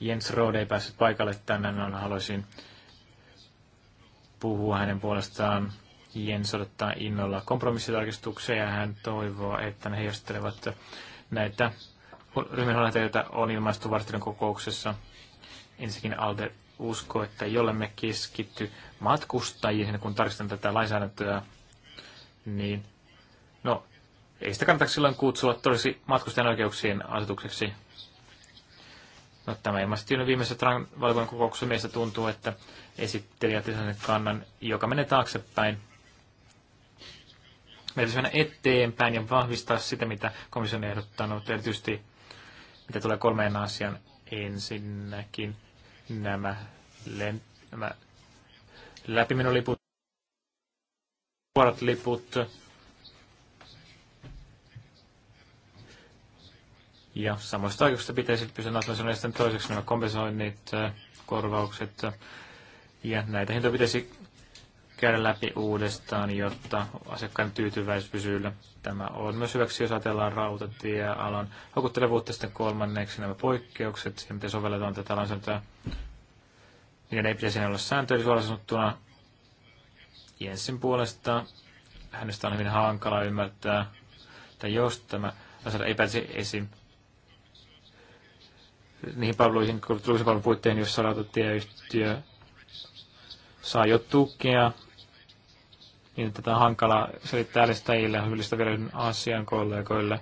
Jens Rode ei päässyt paikalle tänään, no, no, haluaisin puhua hänen puolestaan. Jens odottaa innolla kompromissitarkistuksia ja hän toivoo, että ne heijastelevat näitä ryhmänjohtajilta on ilmaistu vartijan kokouksessa. Ensinnäkin Alde usko, että me keskitty matkustajiin, kun tarkistan tätä lainsäädäntöä, niin no, ei sitä kannata silloin kutsua todeksi matkustajan oikeuksien asetukseksi. No, tämä ilmaisesti jo viimeisessä valiokunnan kokouksessa meistä tuntuu, että esittelijät sen kannan, joka menee taaksepäin. Meidän pitäisi mennä eteenpäin ja vahvistaa sitä, mitä komissio on ehdottanut, erityisesti mitä tulee kolmeen asian ensinnäkin nämä, len, nämä läpimenoliput, suorat liput ja samoista oikeuksista pitäisi pysyä nationaalisena sitten toiseksi nämä kompensoinnit, korvaukset ja näitä hintoja pitäisi käydä läpi uudestaan, jotta asiakkaan tyytyväisyys pysyy Tämä on myös hyväksi, jos ajatellaan rautatiealan houkuttelevuutta sitten kolmanneksi nämä poikkeukset ja miten sovelletaan tätä lainsäädäntöä. Niiden ei pitäisi olla sääntöjä suoraan sanottuna. Jensin puolesta hänestä on hyvin hankala ymmärtää, että jos tämä lainsäädäntö ei pääse esim niihin palveluihin, kun tulisi palvelun puitteen, jossa rautatieyhtiö saa jo tukea niin tätä on hankala selittää äänestäjille ja hyvillistä vielä asian kollegoille.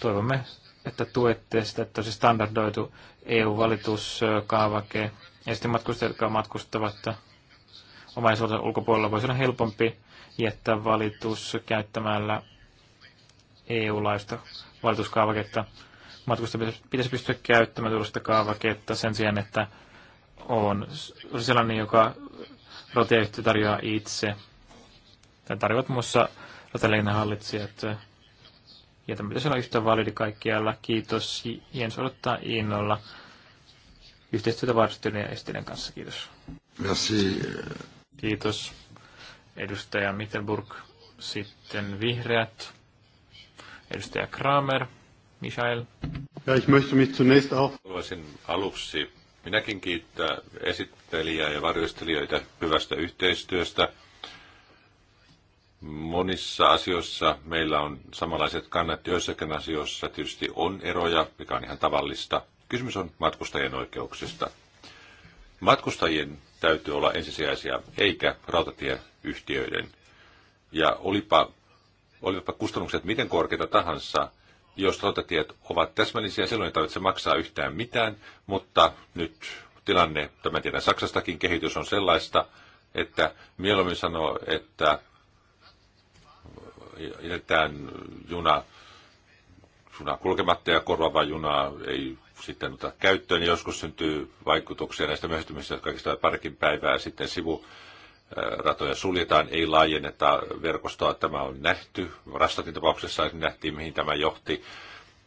Toivomme, että tuette sitä, että se standardoitu EU-valituskaavake ja sitten matkustajat, jotka matkustavat omaisuuden ulkopuolella, voisi olla helpompi jättää valitus käyttämällä EU-laista valituskaavaketta. Matkusta pitäisi pystyä käyttämään tuollaista kaavaketta sen sijaan, että on sellainen, joka Rotia tarjoaa itse. Tämä tarjoavat muun muassa rataliikennehallitsijat. Ja tämä pitäisi olla yhtä validi kaikkialla. Kiitos. Jens odottaa innolla yhteistyötä varustelujen ja esteiden kanssa. Kiitos. Merci. Kiitos. Edustaja Mittelburg. Sitten vihreät. Edustaja Kramer. Michael. Ja ich möchte mich zunächst auch... Haluaisin aluksi minäkin kiittää esittelijää ja varjostelijoita hyvästä yhteistyöstä. Monissa asioissa meillä on samanlaiset kannat, joissakin asioissa tietysti on eroja, mikä on ihan tavallista. Kysymys on matkustajien oikeuksista. Matkustajien täytyy olla ensisijaisia, eikä rautatieyhtiöiden. Ja olipa, olipa kustannukset miten korkeita tahansa, jos rautatiet ovat täsmällisiä, silloin ei tarvitse maksaa yhtään mitään, mutta nyt tilanne, tämä tiedän Saksastakin, kehitys on sellaista, että mieluummin sanoo, että jätetään juna, juna kulkematta ja korvaava juna ei sitten ota käyttöön, niin joskus syntyy vaikutuksia näistä myöhästymisistä, kaikista parkin päivää sitten sivu ratoja suljetaan, ei laajenneta verkostoa. Tämä on nähty. Rastatin tapauksessa nähtiin, mihin tämä johti.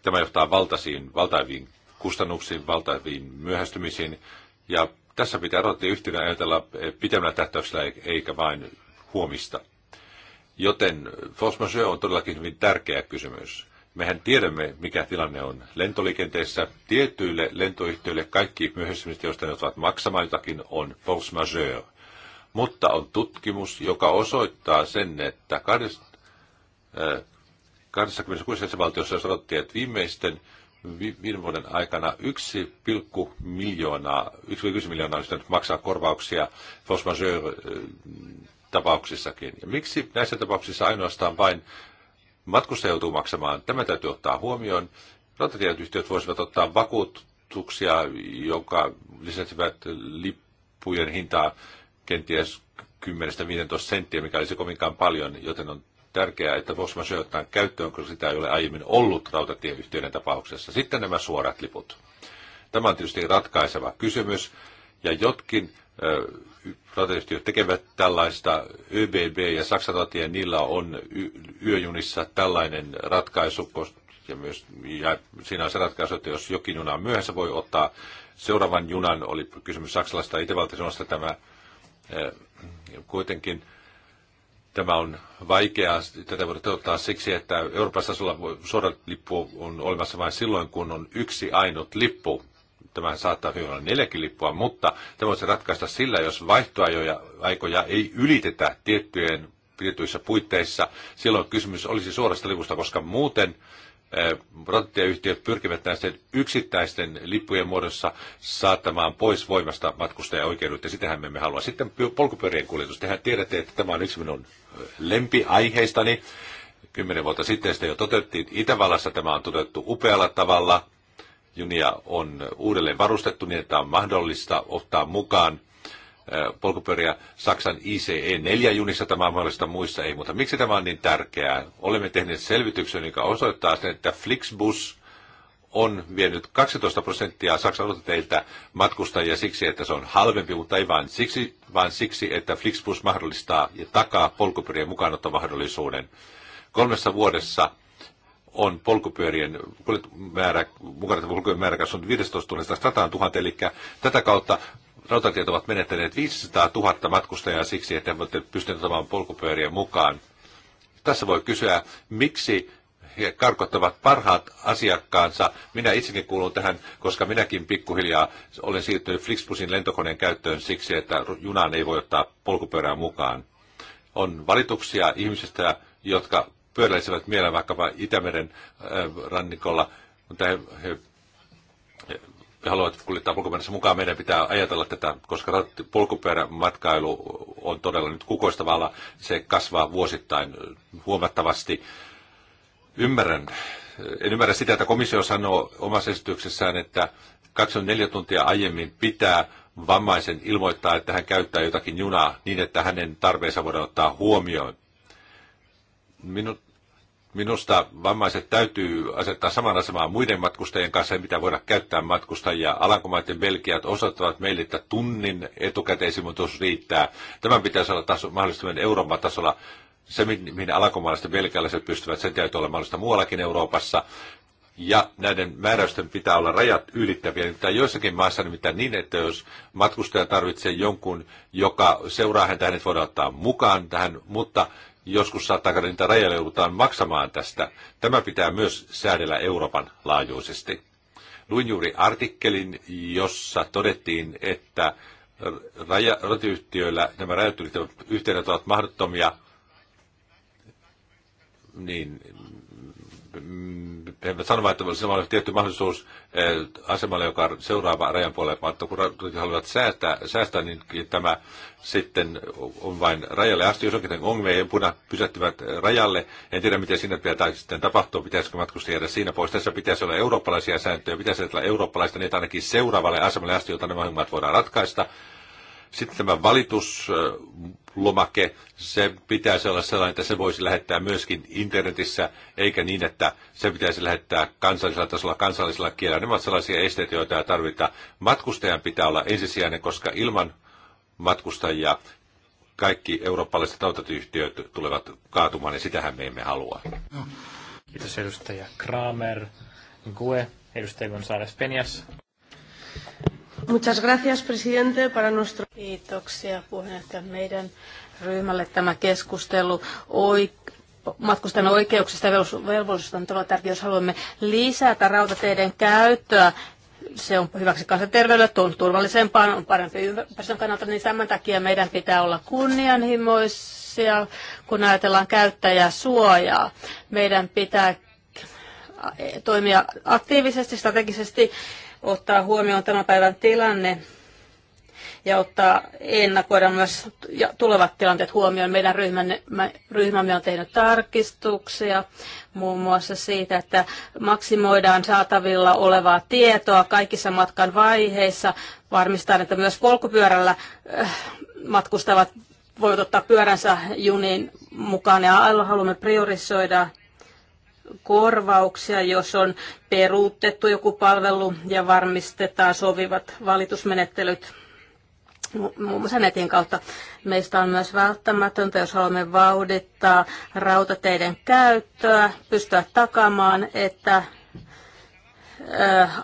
Tämä johtaa valtaisiin, valtaviin kustannuksiin, valtaviin myöhästymisiin. Ja tässä pitää rotti yhtenä ajatella eh, pitemmällä tähtäyksellä eikä vain huomista. Joten force on todellakin hyvin tärkeä kysymys. Mehän tiedämme, mikä tilanne on lentoliikenteessä. Tietyille lentoyhtiöille kaikki myöhemmin joista ne ovat maksamaan jotakin, on force majeure. Mutta on tutkimus, joka osoittaa sen, että 26 valtiossa sanottiin, että viimeisten viiden vuoden aikana 1,1 miljoonaa, 1,1 miljoonaa on maksaa korvauksia force majeure äh, tapauksissakin. Ja miksi näissä tapauksissa ainoastaan vain matkustaja joutuu maksamaan? Tämä täytyy ottaa huomioon. Rautatieyhtiöt voisivat ottaa vakuutuksia, joka lisäsivät lippujen hintaa kenties 10-15 senttiä, mikä olisi kovinkaan paljon, joten on tärkeää, että Volkswagen ottaa käyttöön, koska sitä ei ole aiemmin ollut rautatieyhtiöiden tapauksessa. Sitten nämä suorat liput. Tämä on tietysti ratkaiseva kysymys, ja jotkin rautatieyhtiöt tekevät tällaista. ÖBB ja Saksan ratia, niillä on yöjunissa tällainen ratkaisu, ja, myös, ja siinä on se ratkaisu, että jos jokin juna on myöhässä, voi ottaa seuraavan junan, oli kysymys saksalaisesta tai itävaltaisesta tämä eh, kuitenkin tämä on vaikeaa. Tätä voidaan toteuttaa siksi, että Euroopassa tasolla suora lippu on olemassa vain silloin, kun on yksi ainut lippu tämä saattaa hyvin olla neljäkin lippua, mutta te voisi ratkaista sillä, jos vaihtoaikoja ei ylitetä tiettyjen tietyissä puitteissa. Silloin kysymys olisi suorasta lipusta, koska muuten eh, rautatieyhtiöt pyrkivät näisten yksittäisten lippujen muodossa saattamaan pois voimasta matkustajaoikeudet, ja sitähän me emme halua. Sitten polkupyörien kuljetus. Tehän tiedätte, että tämä on yksi minun eh, lempiaiheistani. Kymmenen vuotta sitten sitä jo toteutettiin. Itävallassa tämä on toteutettu upealla tavalla junia on uudelleen varustettu niin, että on mahdollista ottaa mukaan polkupyöriä Saksan ICE-4 junissa, tämä on mahdollista muissa ei, mutta miksi tämä on niin tärkeää? Olemme tehneet selvityksen, joka osoittaa sen, että Flixbus on vienyt 12 prosenttia Saksan odoteilta matkustajia siksi, että se on halvempi, mutta ei vain siksi, vaan siksi, että Flixbus mahdollistaa ja takaa polkupyörien mukaanottomahdollisuuden. Kolmessa vuodessa on polkupyörien määrä, mukana polkupyörien määrä kasvanut 15 000 100 000, eli tätä kautta rautatiet ovat menettäneet 500 000 matkustajaa siksi, että he ovat pystyneet ottamaan polkupyörien mukaan. Tässä voi kysyä, miksi he karkottavat parhaat asiakkaansa. Minä itsekin kuulun tähän, koska minäkin pikkuhiljaa olen siirtynyt Flixbusin lentokoneen käyttöön siksi, että junaan ei voi ottaa polkupyörää mukaan. On valituksia ihmisistä, jotka pyöräisivät mieleen vaikkapa Itämeren äh, rannikolla, mutta he, he, he haluavat kuljettaa polkupyörässä mukaan. Meidän pitää ajatella tätä, koska polkupyörämatkailu on todella nyt kukoistavalla. Se kasvaa vuosittain huomattavasti. Ymmärrän, en ymmärrä sitä, että komissio sanoo omassa esityksessään, että 24 tuntia aiemmin pitää vammaisen ilmoittaa, että hän käyttää jotakin junaa niin, että hänen tarpeensa voidaan ottaa huomioon. Minu, minusta vammaiset täytyy asettaa saman asemaan muiden matkustajien kanssa, mitä voida käyttää matkustajia. Alankomaiden Belgiat osoittavat meille, että tunnin etukäteisimmutus riittää. Tämän pitäisi olla taso, mahdollisimman Euroopan tasolla. Se, mihin alankomaalaiset belgialaiset pystyvät, sen täytyy olla mahdollista muuallakin Euroopassa. Ja näiden määräysten pitää olla rajat ylittäviä. Tai joissakin maissa nimittäin niin, että jos matkustaja tarvitsee jonkun, joka seuraa häntä, hänet voidaan ottaa mukaan tähän, mutta joskus saattaa käydä niitä rajoja joudutaan maksamaan tästä. Tämä pitää myös säädellä Euroopan laajuisesti. Luin juuri artikkelin, jossa todettiin, että raja, nämä rajat yhteydet ovat mahdottomia, niin mm, he sanovat, että olisi on tietty mahdollisuus eh, asemalle, joka on seuraava rajan puolella, mutta kun haluavat säästää, säästää, niin tämä sitten on vain rajalle asti. Jos onkin ongelmia ja puna pysähtyvät rajalle, en tiedä miten siinä pitää sitten tapahtua, pitäisikö matkustajia jäädä siinä pois. Tässä pitäisi olla eurooppalaisia sääntöjä, pitäisi olla eurooppalaista niin ainakin seuraavalle asemalle asti, jota nämä ongelmat voidaan ratkaista. Sitten tämä valituslomake, se pitäisi olla sellainen, että se voisi lähettää myöskin internetissä, eikä niin, että se pitäisi lähettää kansallisella tasolla kansallisella kielellä. Nämä ovat sellaisia esteitä, joita tarvitaan. Matkustajan pitää olla ensisijainen, koska ilman matkustajia kaikki eurooppalaiset autotyhtiöt tulevat kaatumaan, ja sitähän me emme halua. Kiitos edustaja Kramer. Gue, edustaja González Penias. Muchas gracias, presidente, para nuestro... Kiitoksia puheenjohtaja meidän ryhmälle tämä keskustelu. Oi, matkustajan oikeuksista ja velvollisuudesta on todella tärkeää, jos haluamme lisätä rautateiden käyttöä se on hyväksi kansanterveydelle, on turvallisempaa, on parempi ympäristön kannalta, niin tämän takia meidän pitää olla kunnianhimoisia, kun ajatellaan käyttäjäsuojaa. Meidän pitää toimia aktiivisesti, strategisesti ottaa huomioon tämän päivän tilanne ja ottaa ennakoida myös tulevat tilanteet huomioon. Meidän ryhmänne, ryhmämme on tehnyt tarkistuksia muun muassa siitä, että maksimoidaan saatavilla olevaa tietoa kaikissa matkan vaiheissa. Varmistetaan, että myös polkupyörällä äh, matkustavat voivat ottaa pyöränsä juniin mukaan ja haluamme priorisoida korvauksia, jos on peruutettu joku palvelu ja varmistetaan sovivat valitusmenettelyt muun muassa netin kautta. Meistä on myös välttämätöntä, jos haluamme vauhdittaa rautateiden käyttöä, pystyä takaamaan, että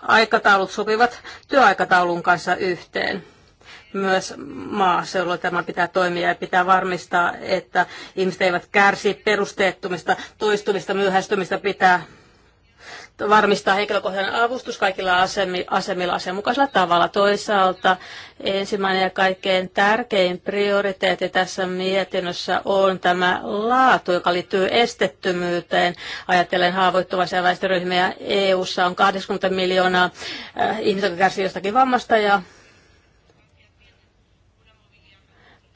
aikataulut sopivat työaikataulun kanssa yhteen myös maaseudulla tämä pitää toimia ja pitää varmistaa, että ihmiset eivät kärsi perusteettomista, toistuvista myöhästymistä pitää varmistaa henkilökohtainen avustus kaikilla asemilla asianmukaisella tavalla. Toisaalta ensimmäinen ja kaikkein tärkein prioriteetti tässä mietinnössä on tämä laatu, joka liittyy estettömyyteen. Ajattelen haavoittuvaisia väestöryhmiä. EU:ssa on 80 miljoonaa äh, ihmistä, jotka kärsivät jostakin vammasta ja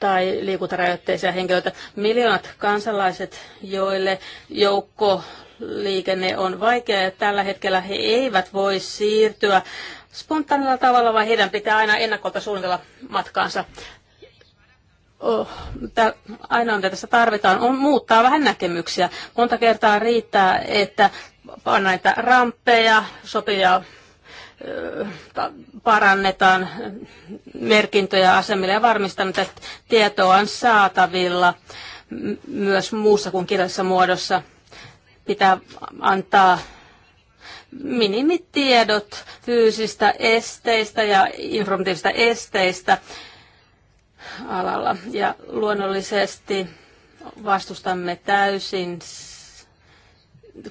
tai liikuntarajoitteisia henkilöitä. Miljoonat kansalaiset, joille liikenne on vaikea ja tällä hetkellä he eivät voi siirtyä spontaanilla tavalla, vaan heidän pitää aina ennakolta suunnitella matkaansa. Oh, tää, aina mitä tässä tarvitaan on muuttaa vähän näkemyksiä. Monta kertaa riittää, että on näitä ramppeja, sopivia parannetaan merkintöjä asemille ja varmistan, että tietoa on saatavilla myös muussa kuin kirjallisessa muodossa. Pitää antaa minimitiedot fyysistä esteistä ja informatiivisista esteistä alalla. Ja luonnollisesti vastustamme täysin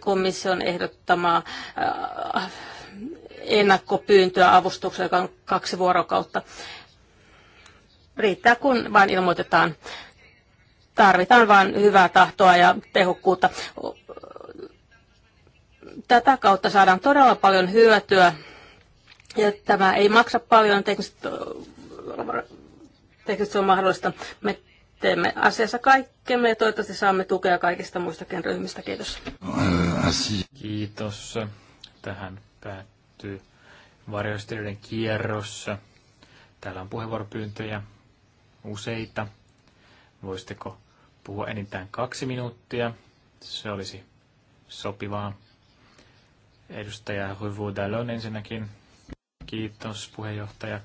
komission ehdottamaa äh, ennakkopyyntöä avustuksella, joka on kaksi vuorokautta. Riittää, kun vain ilmoitetaan. Tarvitaan vain hyvää tahtoa ja tehokkuutta. Tätä kautta saadaan todella paljon hyötyä. Ja tämä ei maksa paljon, teknisesti, teknisesti on mahdollista. Me teemme asiassa kaikkemme ja toivottavasti saamme tukea kaikista muistakin ryhmistä. Kiitos. Kiitos. Tähän päättyy järjestyy varjostelijoiden kierrossa. Täällä on puheenvuoropyyntöjä useita. Voisitteko puhua enintään kaksi minuuttia? Se olisi sopivaa. Edustaja Huivu Dallon ensinnäkin. Kiitos puheenjohtaja,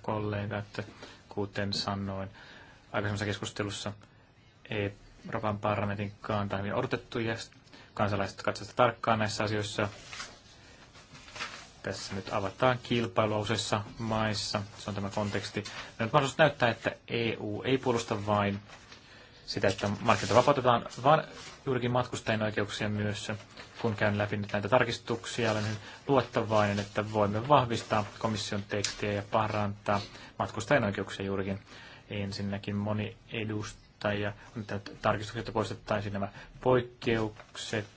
että Kuten sanoin aikaisemmassa keskustelussa, Euroopan parlamentin kantaa hyvin odotettu ja kansalaiset katsovat tarkkaan näissä asioissa tässä nyt avataan kilpailua useissa maissa. Se on tämä konteksti. Nyt mahdollisuus näyttää, että EU ei puolusta vain sitä, että markkinoita vapautetaan, vaan juurikin matkustajien oikeuksia myös. Kun käyn läpi nyt näitä tarkistuksia, olen luottavainen, että voimme vahvistaa komission tekstiä ja parantaa matkustajien oikeuksia juurikin. Ensinnäkin moni edustaja on tarkistukset, että poistettaisiin nämä poikkeukset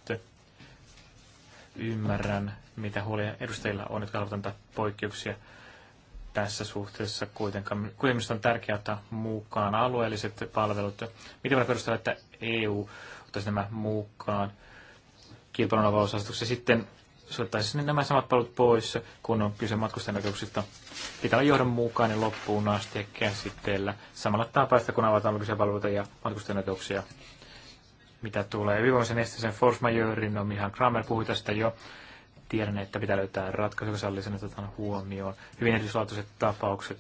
Ymmärrän, mitä huolia edustajilla on, jotka haluavat antaa poikkeuksia tässä suhteessa kuitenkaan. Kuitenkin on tärkeää ottaa mukaan alueelliset palvelut. Miten voidaan perustella, että EU ottaisi nämä mukaan kilpailun avausasetuksessa sitten suljettaisiin nämä samat palut pois, kun on kyse matkustajan oikeuksista. Pitää olla johdonmukainen loppuun asti ja käsitellä samalla tapaa, kun avataan julkisia palveluita ja matkustajan oikeuksia mitä tulee ylivoimaisen esteeseen force majeurin, no Mihan Kramer puhui tästä jo, tiedän, että pitää löytää ratkaisu, joka sallii otetaan huomioon. Hyvin erityislaatuiset tapaukset,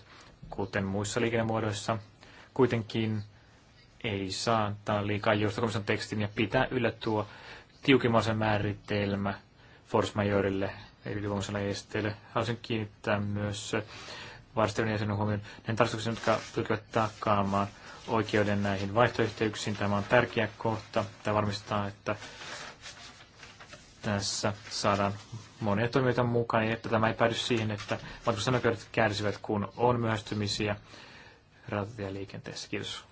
kuten muissa liikennemuodoissa, kuitenkin ei saa antaa liikaa joustokomission tekstin ja pitää yllä tuo tiukimmaisen määritelmä force majeurille, eli ylivoimaisella esteelle. Haluaisin kiinnittää myös varustelun jäsenen huomioon näiden tarkoituksiin, jotka pyrkivät takaamaan oikeuden näihin vaihtoyhteyksiin. Tämä on tärkeä kohta. Tämä varmistaa, että tässä saadaan monia toimijoita mukaan, niin että tämä ei päädy siihen, että matkustajanoikeudet kärsivät, kun on myöhästymisiä rautatieliikenteessä. Kiitos.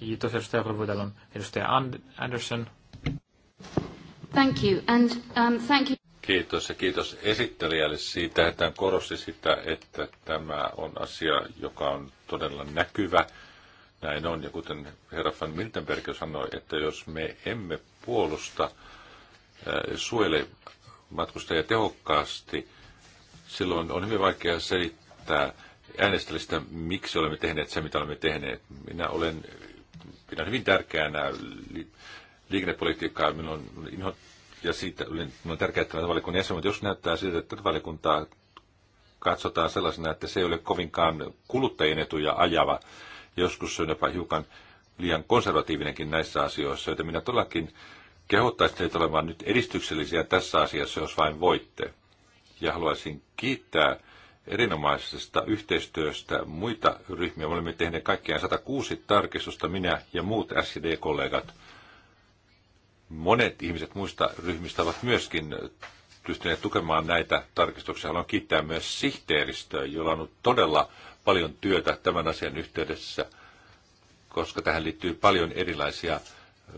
Kiitos edustaja on Edustaja And- Anderson. Thank you, and, um, thank you. Kiitos ja kiitos esittelijälle siitä, että hän korosti sitä, että tämä on asia, joka on todella näkyvä näin on. Ja kuten herra van Miltenberg jo sanoi, että jos me emme puolusta, suojele matkustajia tehokkaasti, silloin on hyvin vaikea selittää äänestelistä, miksi olemme tehneet se, mitä olemme tehneet. Minä olen, pidän hyvin tärkeänä li, liikennepolitiikkaa, minun ja siitä on tärkeää, että valiokunnan jäsen, mutta jos näyttää siltä, että tätä valiokuntaa katsotaan sellaisena, että se ei ole kovinkaan kuluttajien etuja ajava, Joskus se on jopa hiukan liian konservatiivinenkin näissä asioissa, joten minä todellakin kehottaisin teitä olemaan nyt edistyksellisiä tässä asiassa, jos vain voitte. Ja haluaisin kiittää erinomaisesta yhteistyöstä muita ryhmiä. Me olemme tehneet kaikkiaan 106 tarkistusta, minä ja muut SCD-kollegat. Monet ihmiset muista ryhmistä ovat myöskin pystyneet tukemaan näitä tarkistuksia. Haluan kiittää myös sihteeristöä, jolla on ollut todella paljon työtä tämän asian yhteydessä, koska tähän liittyy paljon erilaisia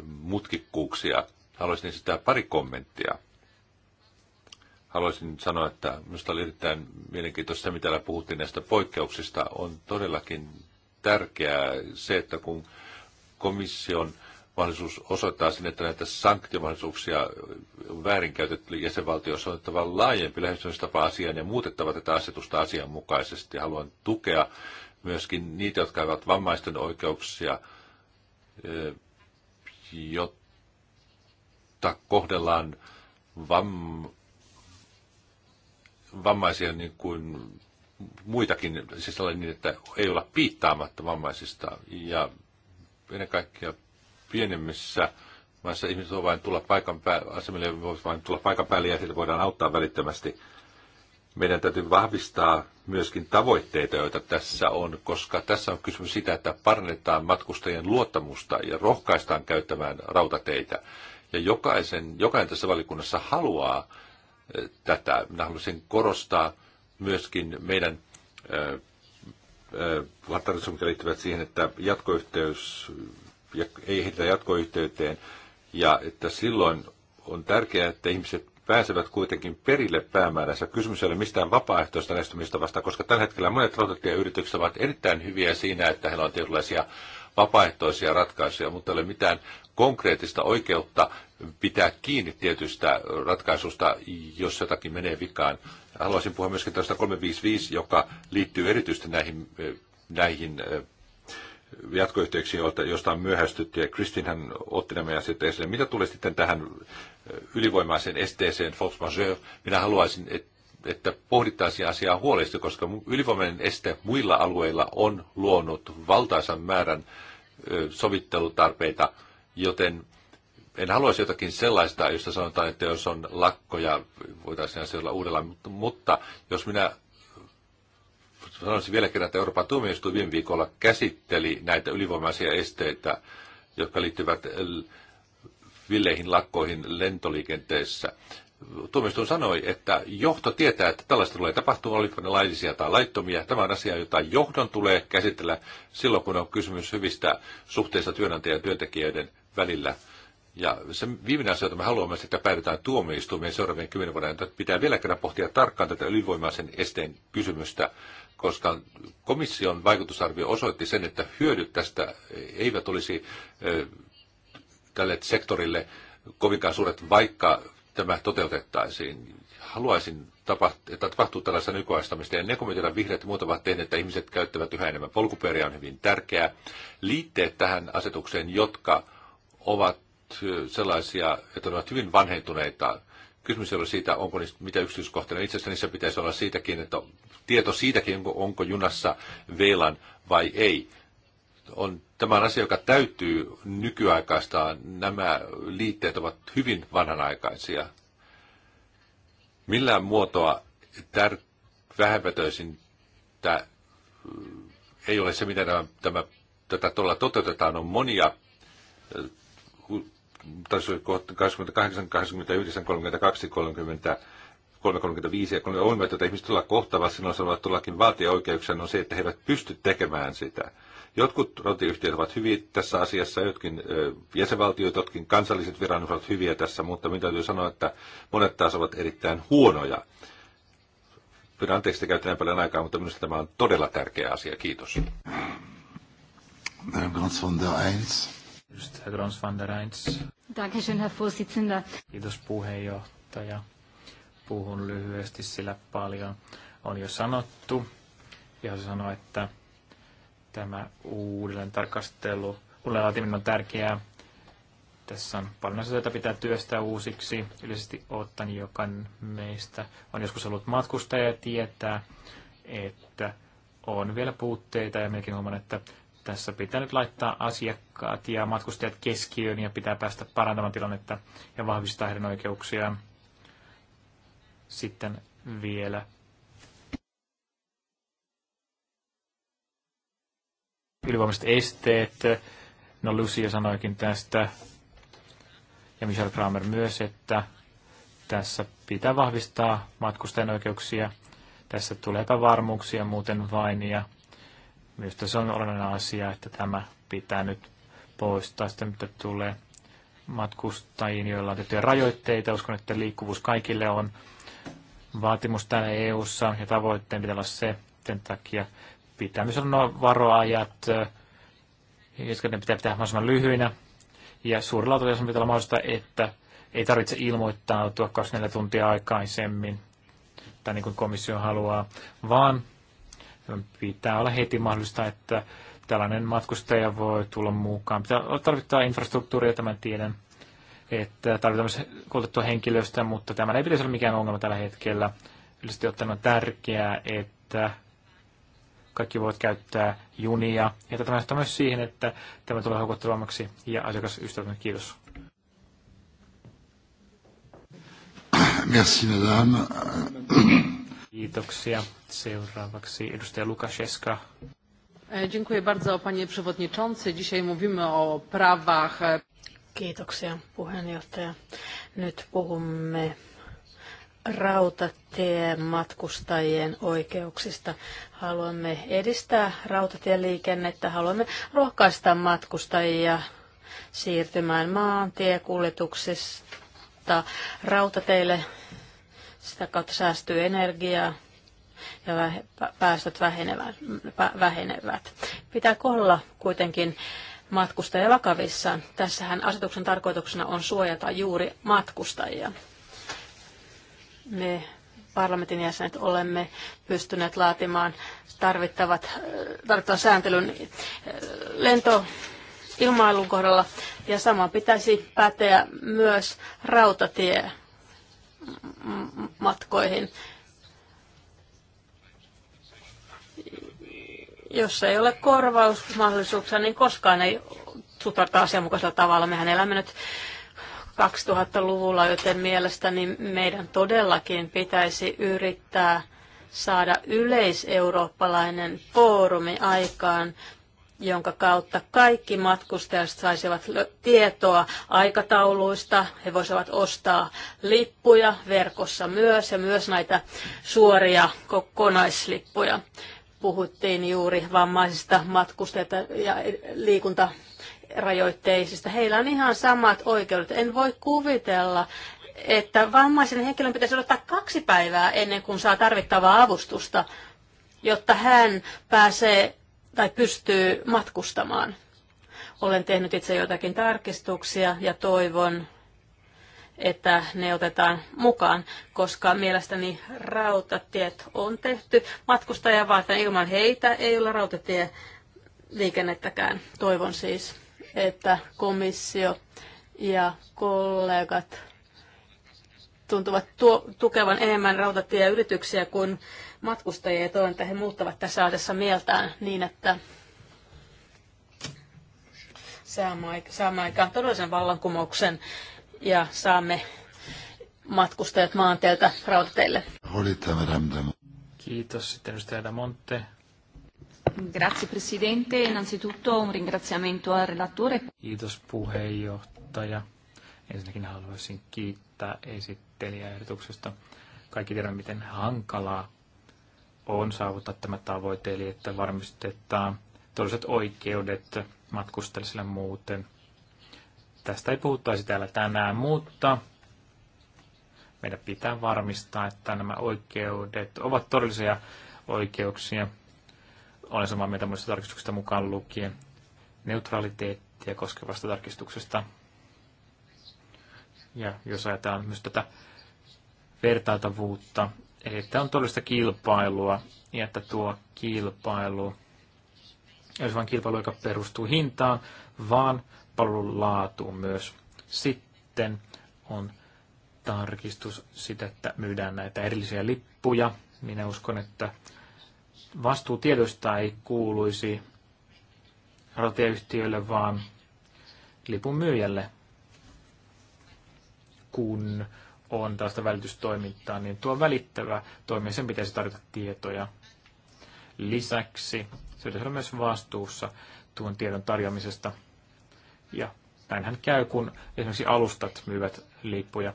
mutkikkuuksia. Haluaisin esittää pari kommenttia. Haluaisin sanoa, että minusta oli erittäin mielenkiintoista, mitä täällä puhuttiin näistä poikkeuksista. On todellakin tärkeää se, että kun komission mahdollisuus osoittaa sinne, että näitä sanktiomahdollisuuksia on väärinkäytetty jäsenvaltioissa on otettava laajempi lähestymistapa asiaan ja muutettava tätä asetusta asianmukaisesti. Haluan tukea myöskin niitä, jotka ovat vammaisten oikeuksia, eh, jotta kohdellaan vam, vammaisia niin kuin muitakin, siis niin, että ei olla piittaamatta vammaisista ja ennen kaikkea pienemmissä maissa ihmiset voivat vain tulla paikan päälle, asemille vain tulla paikan päälle ja siitä voidaan auttaa välittömästi. Meidän täytyy vahvistaa myöskin tavoitteita, joita tässä on, koska tässä on kysymys sitä, että parannetaan matkustajien luottamusta ja rohkaistaan käyttämään rautateitä. Ja jokaisen, jokainen tässä valikunnassa haluaa eh, tätä. Minä haluaisin korostaa myöskin meidän eh, eh, tarvitsemukseen liittyvät siihen, että jatkoyhteys ja ei heitä jatkoyhteyteen. Ja että silloin on tärkeää, että ihmiset pääsevät kuitenkin perille päämääränsä. Kysymys ei ole mistään vapaaehtoista lähestymistä vastaan, koska tällä hetkellä monet rautatieyritykset ovat erittäin hyviä siinä, että heillä on tietynlaisia vapaaehtoisia ratkaisuja, mutta ei ole mitään konkreettista oikeutta pitää kiinni tietystä ratkaisusta, jos jotakin menee vikaan. Haluaisin puhua myöskin tästä 355, joka liittyy erityisesti näihin, eh, näihin eh, jatkoyhteyksiin, josta on myöhästytty, ja Kristinhän otti nämä asiat esille. Mitä tulee sitten tähän ylivoimaiseen esteeseen, Fox Major, minä haluaisin, että pohdittaisiin asiaa huolellisesti, koska ylivoimainen este muilla alueilla on luonut valtaisan määrän sovittelutarpeita, joten en haluaisi jotakin sellaista, josta sanotaan, että jos on lakkoja, voitaisiin asioilla uudella, mutta jos minä Sanoisin vielä kerran, että Euroopan tuomioistuin viime viikolla käsitteli näitä ylivoimaisia esteitä, jotka liittyvät villeihin lakkoihin lentoliikenteessä. Tuomioistuin sanoi, että johto tietää, että tällaista tulee tapahtumaan, olipa ne laillisia tai laittomia. Tämä on asia, jota johdon tulee käsitellä silloin, kun on kysymys hyvistä suhteista työnantajan ja työntekijöiden välillä. Ja se viimeinen asia, jota me haluamme, että päädytään tuomioistuimeen seuraavien kymmenen vuoden, että pitää vielä kerran pohtia tarkkaan tätä ylivoimaisen esteen kysymystä koska komission vaikutusarvio osoitti sen, että hyödyt tästä eivät olisi tälle sektorille kovinkaan suuret, vaikka tämä toteutettaisiin. Haluaisin, tapaht- että tapahtuu tällaista nykyaistamista. Ja ne komiteoida vihreät muut ovat tehneet, että ihmiset käyttävät yhä enemmän. Polkupyöriä on hyvin tärkeää. Liitteet tähän asetukseen, jotka ovat sellaisia, että ne ovat hyvin vanhentuneita, Kysymys ei ole siitä, onko niistä, mitä yksityiskohtia. Itse asiassa niissä pitäisi olla siitäkin, että tieto siitäkin, onko, onko junassa VLAN vai ei. On, tämä on asia, joka täytyy nykyaikaistaa. Nämä liitteet ovat hyvin vanhanaikaisia. Millään muotoa tär, tämä äh, ei ole se, miten tämä, tämä, tätä todella toteutetaan. On monia äh, tasoja 28, 29, 32, 30, 335 ja 33, joita ihmiset todella kohtavat, silloin sanovat tullakin vaatia oikeuksia, on se, että he eivät pysty tekemään sitä. Jotkut rotiyhtiöt ovat hyviä tässä asiassa, jotkin jäsenvaltiot, jotkin kansalliset viranomaiset ovat hyviä tässä, mutta minun täytyy sanoa, että monet taas ovat erittäin huonoja. Pyydän anteeksi, että näin paljon aikaa, mutta minusta tämä on todella tärkeä asia. Kiitos. Bergans von der Eins. Edustaja Grons van der Reins. Dankeschön, Herr Vorsitzender. Kiitos puheenjohtaja. Puhun lyhyesti, sillä paljon on jo sanottu. Ja sanoa, että tämä uudelleen tarkastelu, uudelleen on tärkeää. Tässä on paljon asioita, pitää työstää uusiksi. Yleisesti ottan jokainen meistä on joskus ollut matkustaja ja tietää, että on vielä puutteita ja mekin huomaan, että tässä pitää nyt laittaa asiakkaat ja matkustajat keskiöön ja pitää päästä parantamaan tilannetta ja vahvistaa heidän oikeuksiaan. Sitten vielä ylivoimaiset esteet. No Lucia sanoikin tästä, ja Michelle Kramer myös, että tässä pitää vahvistaa matkustajan oikeuksia. Tässä tulee epävarmuuksia muuten vain, ja Minusta se on olennainen asia, että tämä pitää nyt poistaa sitä, mitä tulee matkustajiin, joilla on tiettyjä rajoitteita. Uskon, että liikkuvuus kaikille on vaatimus täällä EU-ssa ja tavoitteen pitää olla se, sen takia pitää myös olla varoajat, jotka ne pitää pitää mahdollisimman lyhyinä. Ja suurilla autoilla pitää olla mahdollista, että ei tarvitse ilmoittautua 24 tuntia aikaisemmin, tai niin kuin komissio haluaa, vaan Pitää olla heti mahdollista, että tällainen matkustaja voi tulla mukaan. Pitää tarvittaa infrastruktuuria, tämän tiedän, että tarvitaan myös koulutettua henkilöstöä, mutta tämä ei pitäisi olla mikään ongelma tällä hetkellä. Yleisesti ottaen on tärkeää, että kaikki voivat käyttää junia. Ja tämä johtaa myös siihen, että tämä tulee houkuttelevammaksi ja asiakasystävämme. Kiitos. Merci, madame. Kiitoksia. Seuraavaksi edustaja Lukaszewska. E, dziękuję bardzo, panie przewodniczący. Dzisiaj mówimy o prawach. Kiitoksia, puheenjohtaja. Nyt puhumme matkustajien oikeuksista. Haluamme edistää rautatieliikennettä, haluamme rohkaista matkustajia siirtymään maantiekuljetuksista rautateille sitä kautta säästyy energiaa ja päästöt vähenevät. vähenevät. Pitää kohdella kuitenkin matkustajia vakavissa. Tässähän asetuksen tarkoituksena on suojata juuri matkustajia. Me parlamentin jäsenet olemme pystyneet laatimaan tarvittavat, tarvittavan sääntelyn äh, lento ilmailun kohdalla ja sama pitäisi päteä myös rautatie matkoihin. Jos ei ole korvausmahdollisuuksia, niin koskaan ei suhtauduta asianmukaisella tavalla. Mehän elämme nyt 2000-luvulla, joten mielestäni meidän todellakin pitäisi yrittää saada yleiseurooppalainen foorumi aikaan jonka kautta kaikki matkustajat saisivat tietoa aikatauluista. He voisivat ostaa lippuja verkossa myös ja myös näitä suoria kokonaislippuja. Puhuttiin juuri vammaisista matkustajista ja liikuntarajoitteisista. Heillä on ihan samat oikeudet. En voi kuvitella, että vammaisen henkilön pitäisi odottaa kaksi päivää ennen kuin saa tarvittavaa avustusta, jotta hän pääsee tai pystyy matkustamaan. Olen tehnyt itse jotakin tarkistuksia ja toivon, että ne otetaan mukaan, koska mielestäni rautatiet on tehty matkustajia varten. Ilman heitä ei ole rautatie liikennettäkään. Toivon siis, että komissio ja kollegat tuntuvat tuo, tukevan enemmän rautatieyrityksiä kuin matkustajia toivon, että he muuttavat tässä asiassa mieltään niin, että saamme aikaan todellisen vallankumouksen ja saamme matkustajat maanteelta rautateille. Kiitos. Sitten edustaja Damonte. Grazie Presidente. Innanzitutto un ringraziamento al relatore. Kiitos puheenjohtaja. Ensinnäkin haluaisin kiittää esittelijäehdotuksesta. Kaikki tiedämme, miten hankalaa on saavuttaa tämä tavoite, eli että varmistetaan todelliset oikeudet matkustajille muuten. Tästä ei puhuttaisi täällä tänään, mutta meidän pitää varmistaa, että nämä oikeudet ovat todellisia oikeuksia. Olen samaa mieltä muista tarkistuksista mukaan lukien neutraliteettia koskevasta tarkistuksesta ja jos ajatellaan myös tätä vertailtavuutta, eli että on todellista kilpailua ja että tuo kilpailu ei ole vain kilpailu, joka perustuu hintaan, vaan palvelun laatuun myös. Sitten on tarkistus sitä, että myydään näitä erillisiä lippuja. Minä uskon, että vastuu tiedoista ei kuuluisi rautatieyhtiölle, vaan lipun myyjälle kun on tällaista välitystoimintaa, niin tuo välittävä toimija, sen pitäisi tarjota tietoja. Lisäksi se pitäisi olla myös vastuussa tuon tiedon tarjoamisesta. Ja näinhän käy, kun esimerkiksi alustat myyvät lippuja.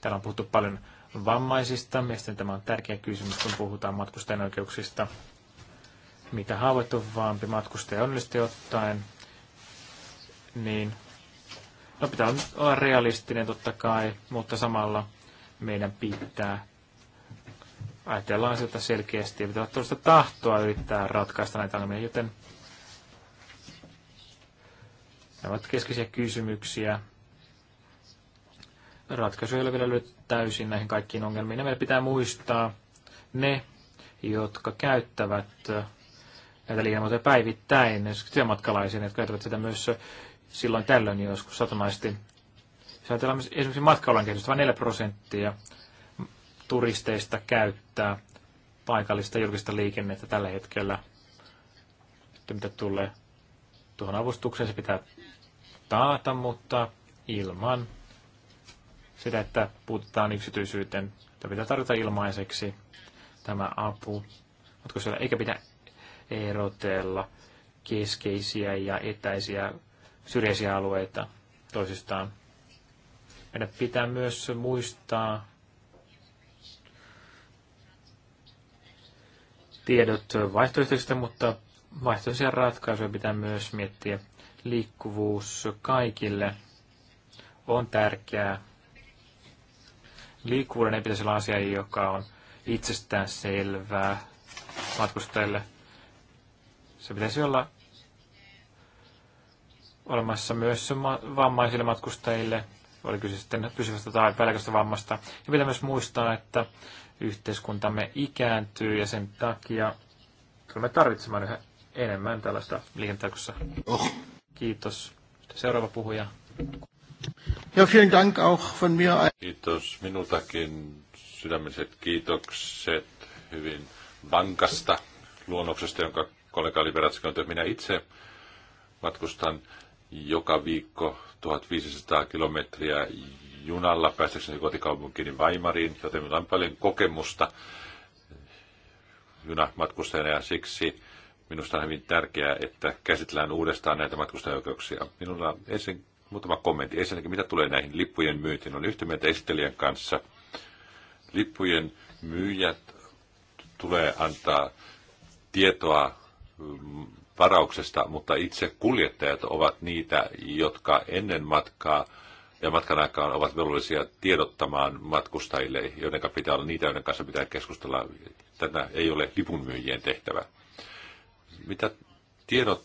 Täällä on puhuttu paljon vammaisista. Mielestäni tämä on tärkeä kysymys, kun puhutaan matkustajan oikeuksista. Mitä haavoittuvampi matkustaja onnistuu ottaen, niin No pitää olla realistinen totta kai, mutta samalla meidän pitää ajatella asioita selkeästi ja pitää olla tahtoa yrittää ratkaista näitä ongelmia, joten nämä ovat keskeisiä kysymyksiä. Ratkaisu ei ole vielä täysin näihin kaikkiin ongelmiin. Ja meidän pitää muistaa ne, jotka käyttävät näitä liikennemuotoja päivittäin, työmatkalaisia, jotka käyttävät sitä myös silloin tällöin joskus satunnaisesti, Se ajatellaan esimerkiksi matkailun kehitystä, vain 4 prosenttia turisteista käyttää paikallista julkista liikennettä tällä hetkellä. että mitä tulee tuohon avustukseen, se pitää taata, mutta ilman sitä, että puututaan yksityisyyteen. että pitää tarjota ilmaiseksi tämä apu. Mutta siellä eikä pidä erotella keskeisiä ja etäisiä syrjäisiä alueita toisistaan. Meidän pitää myös muistaa tiedot vaihtoehtoisista, mutta vaihtoehtoisia ratkaisuja pitää myös miettiä. Liikkuvuus kaikille on tärkeää. Liikkuvuuden ei pitäisi olla asia, joka on itsestään selvää matkustajille. Se pitäisi olla olemassa myös vammaisille matkustajille, oli kyse sitten pysyvästä tai pelkästä vammasta. Ja pitää myös muistaa, että yhteiskuntamme ikääntyy ja sen takia tulemme tarvitsemaan yhä enemmän tällaista liikenteessä. Oh. Kiitos. Seuraava puhuja. Ja vielen Dank auch von mir. Kiitos minultakin sydämiset kiitokset hyvin vankasta luonnoksesta, jonka kollega Liberatski on Minä itse matkustan joka viikko 1500 kilometriä junalla päästäkseni kotikaupunkiin Weimariin, joten minulla on paljon kokemusta junamatkustajana ja siksi minusta on hyvin tärkeää, että käsitellään uudestaan näitä matkustajoikeuksia. Minulla on ensin muutama kommentti. Ensinnäkin mitä tulee näihin lippujen myyntiin, on yhtä mieltä esittelijän kanssa. Lippujen myyjät tulee antaa tietoa mm, varauksesta, mutta itse kuljettajat ovat niitä, jotka ennen matkaa ja matkan aikaan ovat velvollisia tiedottamaan matkustajille, joiden pitää olla niitä, joiden kanssa pitää keskustella. Tätä ei ole lipunmyyjien tehtävä. Mitä tiedot,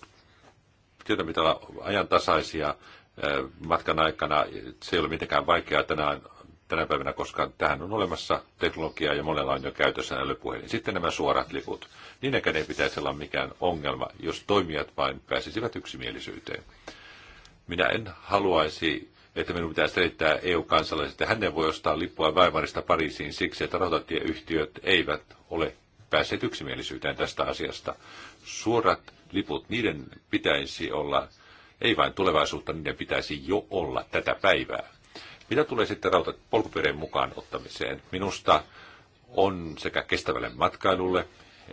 tiedot pitää olla ajantasaisia eh, matkan aikana. Se ei ole mitenkään vaikeaa tänään tänä päivänä, koska tähän on olemassa teknologiaa ja monella on jo käytössä älypuhelin. Sitten nämä suorat liput. Niinkään ei pitäisi olla mikään ongelma, jos toimijat vain pääsisivät yksimielisyyteen. Minä en haluaisi, että minun pitäisi selittää EU-kansalaiset, että hänen voi ostaa lippua Väimarista Pariisiin siksi, että rautatieyhtiöt eivät ole päässeet yksimielisyyteen tästä asiasta. Suorat liput, niiden pitäisi olla, ei vain tulevaisuutta, niiden pitäisi jo olla tätä päivää. Mitä tulee sitten rauta polkupyörien mukaan ottamiseen? Minusta on sekä kestävälle matkailulle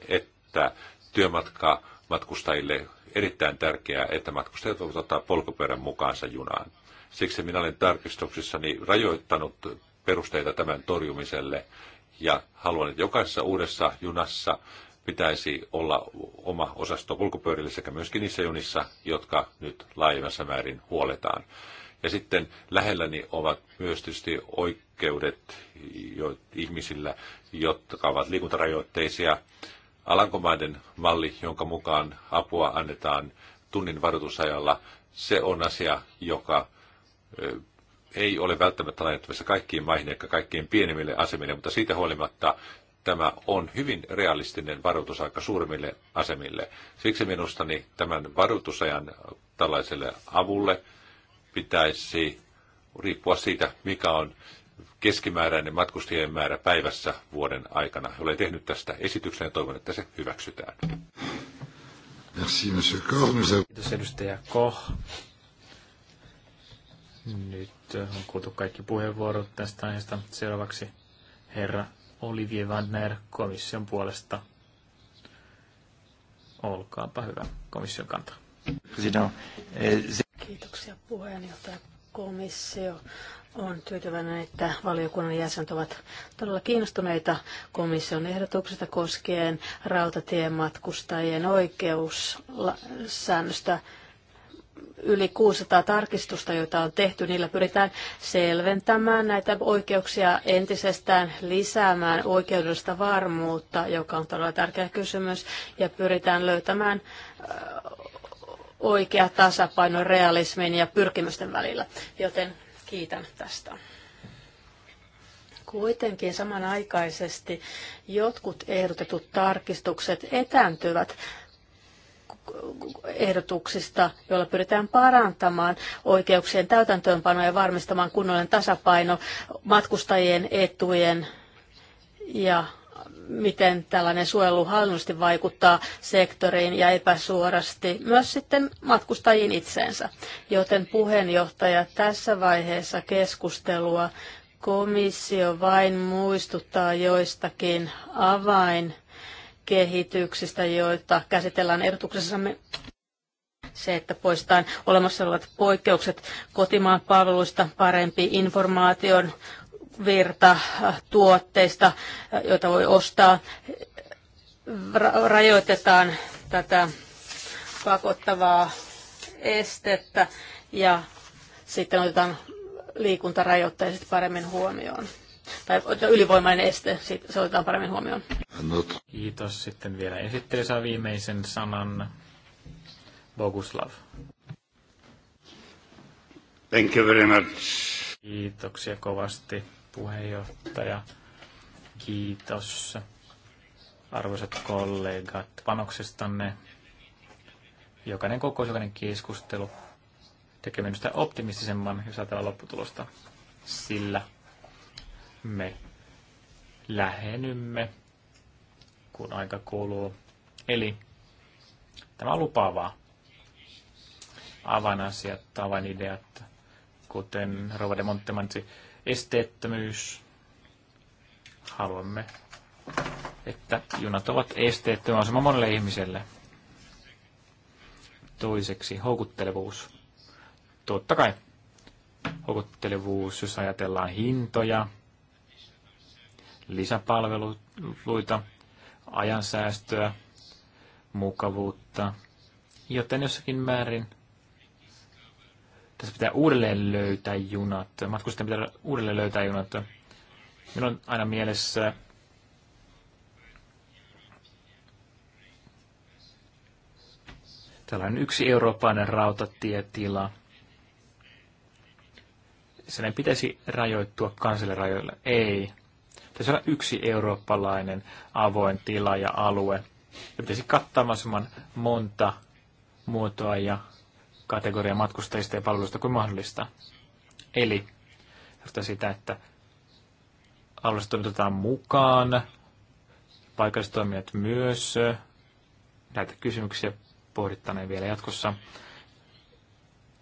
että työmatka matkustajille erittäin tärkeää, että matkustajat voivat ottaa polkupyörän mukaansa junaan. Siksi minä olen tarkistuksissani rajoittanut perusteita tämän torjumiselle ja haluan, että jokaisessa uudessa junassa pitäisi olla oma osasto polkupyörille sekä myöskin niissä junissa, jotka nyt laajemmassa määrin huoletaan. Ja sitten lähelläni ovat myös tietysti oikeudet jo, ihmisillä, jotka ovat liikuntarajoitteisia. Alankomaiden malli, jonka mukaan apua annetaan tunnin varoitusajalla, se on asia, joka ei ole välttämättä laajentumassa kaikkiin maihin eikä kaikkien pienemmille asemille, mutta siitä huolimatta tämä on hyvin realistinen varoitusaika suurimmille asemille. Siksi minustani niin tämän varoitusajan tällaiselle avulle – pitäisi riippua siitä, mikä on keskimääräinen matkustajien määrä päivässä vuoden aikana. Olen tehnyt tästä esityksen ja toivon, että se hyväksytään. Merci, Kiitos edustaja Koh. Nyt on kuultu kaikki puheenvuorot tästä aiheesta. Seuraavaksi herra Olivier Wagner komission puolesta. Olkaapa hyvä komission kanta. Kiitoksia puheenjohtaja. Komissio on tyytyväinen, että valiokunnan jäsenet ovat todella kiinnostuneita komission ehdotuksesta koskien rautatiematkustajien oikeussäännöstä yli 600 tarkistusta, joita on tehty. Niillä pyritään selventämään näitä oikeuksia entisestään, lisäämään oikeudellista varmuutta, joka on todella tärkeä kysymys, ja pyritään löytämään oikea tasapaino realismin ja pyrkimysten välillä, joten kiitän tästä. Kuitenkin samanaikaisesti jotkut ehdotetut tarkistukset etääntyvät ehdotuksista, joilla pyritään parantamaan oikeuksien täytäntöönpanoa ja varmistamaan kunnollinen tasapaino matkustajien etujen ja miten tällainen suojelu hallinnollisesti vaikuttaa sektoriin ja epäsuorasti myös sitten matkustajiin itseensä. Joten puheenjohtaja tässä vaiheessa keskustelua komissio vain muistuttaa joistakin avainkehityksistä, joita käsitellään ehdotuksessamme se, että poistetaan olemassa olevat poikkeukset kotimaan palveluista, parempi informaation virta tuotteista, joita voi ostaa. Rajoitetaan tätä pakottavaa estettä ja sitten otetaan liikuntarajoitteiset paremmin huomioon. Tai ylivoimainen este, se otetaan paremmin huomioon. Kiitos. Sitten vielä esittely saa viimeisen sanan. Boguslav. Thank you very much. Kiitoksia kovasti puheenjohtaja. Kiitos arvoisat kollegat panoksestanne. Jokainen kokous, jokainen keskustelu tekee minusta optimistisemman, jos ajatellaan lopputulosta. Sillä me lähenymme, kun aika kuluu. Eli tämä on lupaavaa. Avainasiat, avainideat, kuten Rova de Montemansi, esteettömyys. Haluamme, että junat ovat esteettömän asema monelle ihmiselle. Toiseksi houkuttelevuus. Totta kai houkuttelevuus, jos ajatellaan hintoja, lisäpalveluita, ajansäästöä, mukavuutta. Joten jossakin määrin tässä pitää uudelleen löytää junat. Matkustajan pitää uudelleen löytää junat. Minun on aina mielessä tällainen yksi eurooppainen rautatietila. Sen ei pitäisi rajoittua kansallisille rajoille. Ei. Pitäisi olla yksi eurooppalainen avoin tila ja alue. Ja pitäisi kattaa mahdollisimman monta muotoa ja kategoria matkustajista ja palveluista kuin mahdollista. Eli tarkoittaa sitä, että alueelliset toimijat otetaan mukaan, paikalliset toimijat myös. Näitä kysymyksiä pohdittaneen vielä jatkossa.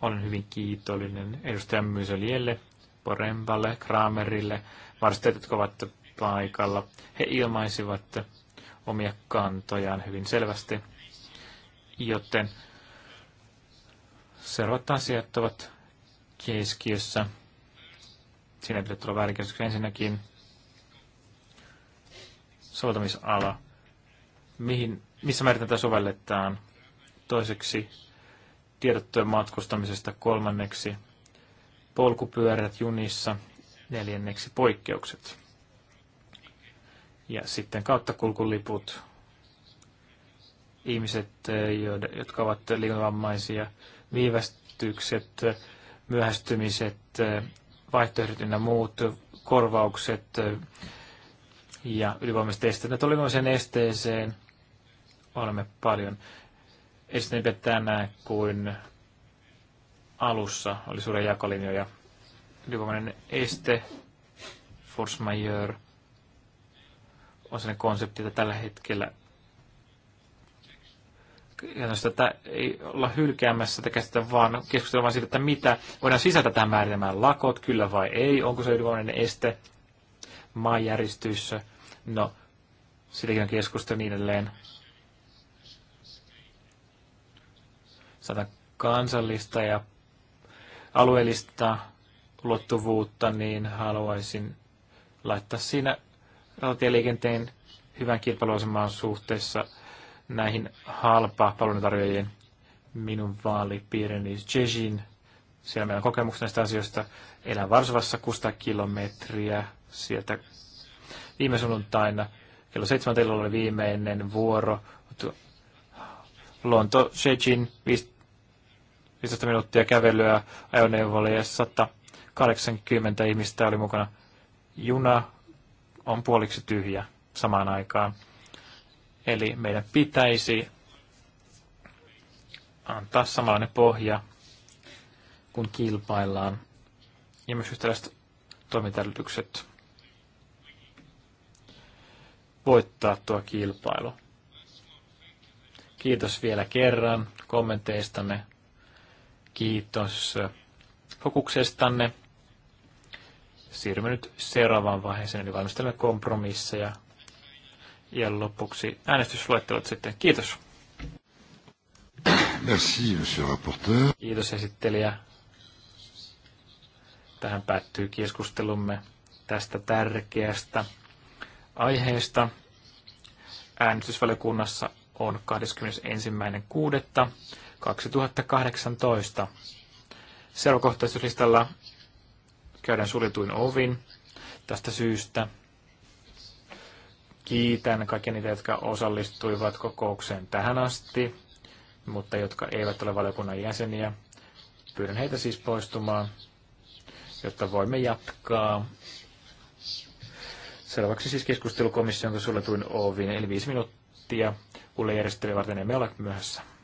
Olen hyvin kiitollinen edustaja Mysölielle, Poremballe, Kramerille, varustajat, jotka ovat paikalla. He ilmaisivat omia kantojaan hyvin selvästi, joten Seuraavat asiat ovat keskiössä. Siinä pitää tulla väärinkäsityksiä ensinnäkin soveltamisala. Mihin, missä määrin tätä sovelletaan? Toiseksi tiedottojen matkustamisesta. Kolmanneksi polkupyörät junissa. Neljänneksi poikkeukset. Ja sitten kauttakulkuliput. Ihmiset, jotka ovat liikennevammaisia, viivästykset, myöhästymiset, vaihtoehdot ja muut, korvaukset ja ylivoimaiset esteet. Ne tulivoimaiseen esteeseen olemme paljon esteempiä tänään kuin alussa oli suuria jakolinjoja. Ylivoimainen este, force majeure, on sellainen konsepti, jota tällä hetkellä että ei olla hylkäämässä tätä käsitettä, vaan keskustelemaan siitä, että mitä voidaan sisältä tähän määritelmään lakot, kyllä vai ei, onko se ylivoimainen este maanjäristyissä, no siitäkin on keskustelu niin edelleen. Sata kansallista ja alueellista ulottuvuutta, niin haluaisin laittaa siinä rautatieliikenteen hyvän kilpailuasemaan suhteessa näihin halpa palveluntarjoajien minun vaalipiirini Jejin. Siellä meillä on kokemuksia näistä asioista. Elän Varsovassa 600 kilometriä sieltä viime sunnuntaina. Kello 7 teillä oli viimeinen vuoro. Lonto Jejin 15 minuuttia kävelyä ajoneuvolle ja 180 ihmistä oli mukana. Juna on puoliksi tyhjä samaan aikaan. Eli meidän pitäisi antaa samanlainen pohja, kun kilpaillaan. Ja myös yhtäläiset toimintaedellytykset voittaa tuo kilpailu. Kiitos vielä kerran kommenteistanne. Kiitos fokuksestanne. Siirrymme nyt seuraavaan vaiheeseen, eli valmistelemme kompromisseja ja lopuksi äänestysluettelot sitten. Kiitos. Merci, monsieur rapporteur. Kiitos esittelijä. Tähän päättyy keskustelumme tästä tärkeästä aiheesta. Äänestysvaliokunnassa on 21.6.2018. Seuraavakohtaistuslistalla käydään suljetuin ovin tästä syystä. Kiitän kaikkia niitä, jotka osallistuivat kokoukseen tähän asti, mutta jotka eivät ole valiokunnan jäseniä. Pyydän heitä siis poistumaan, jotta voimme jatkaa. Seuraavaksi siis keskustelu komission suljetuin oviin, eli viisi minuuttia. Ulle järjestelyä varten emme ole myöhässä.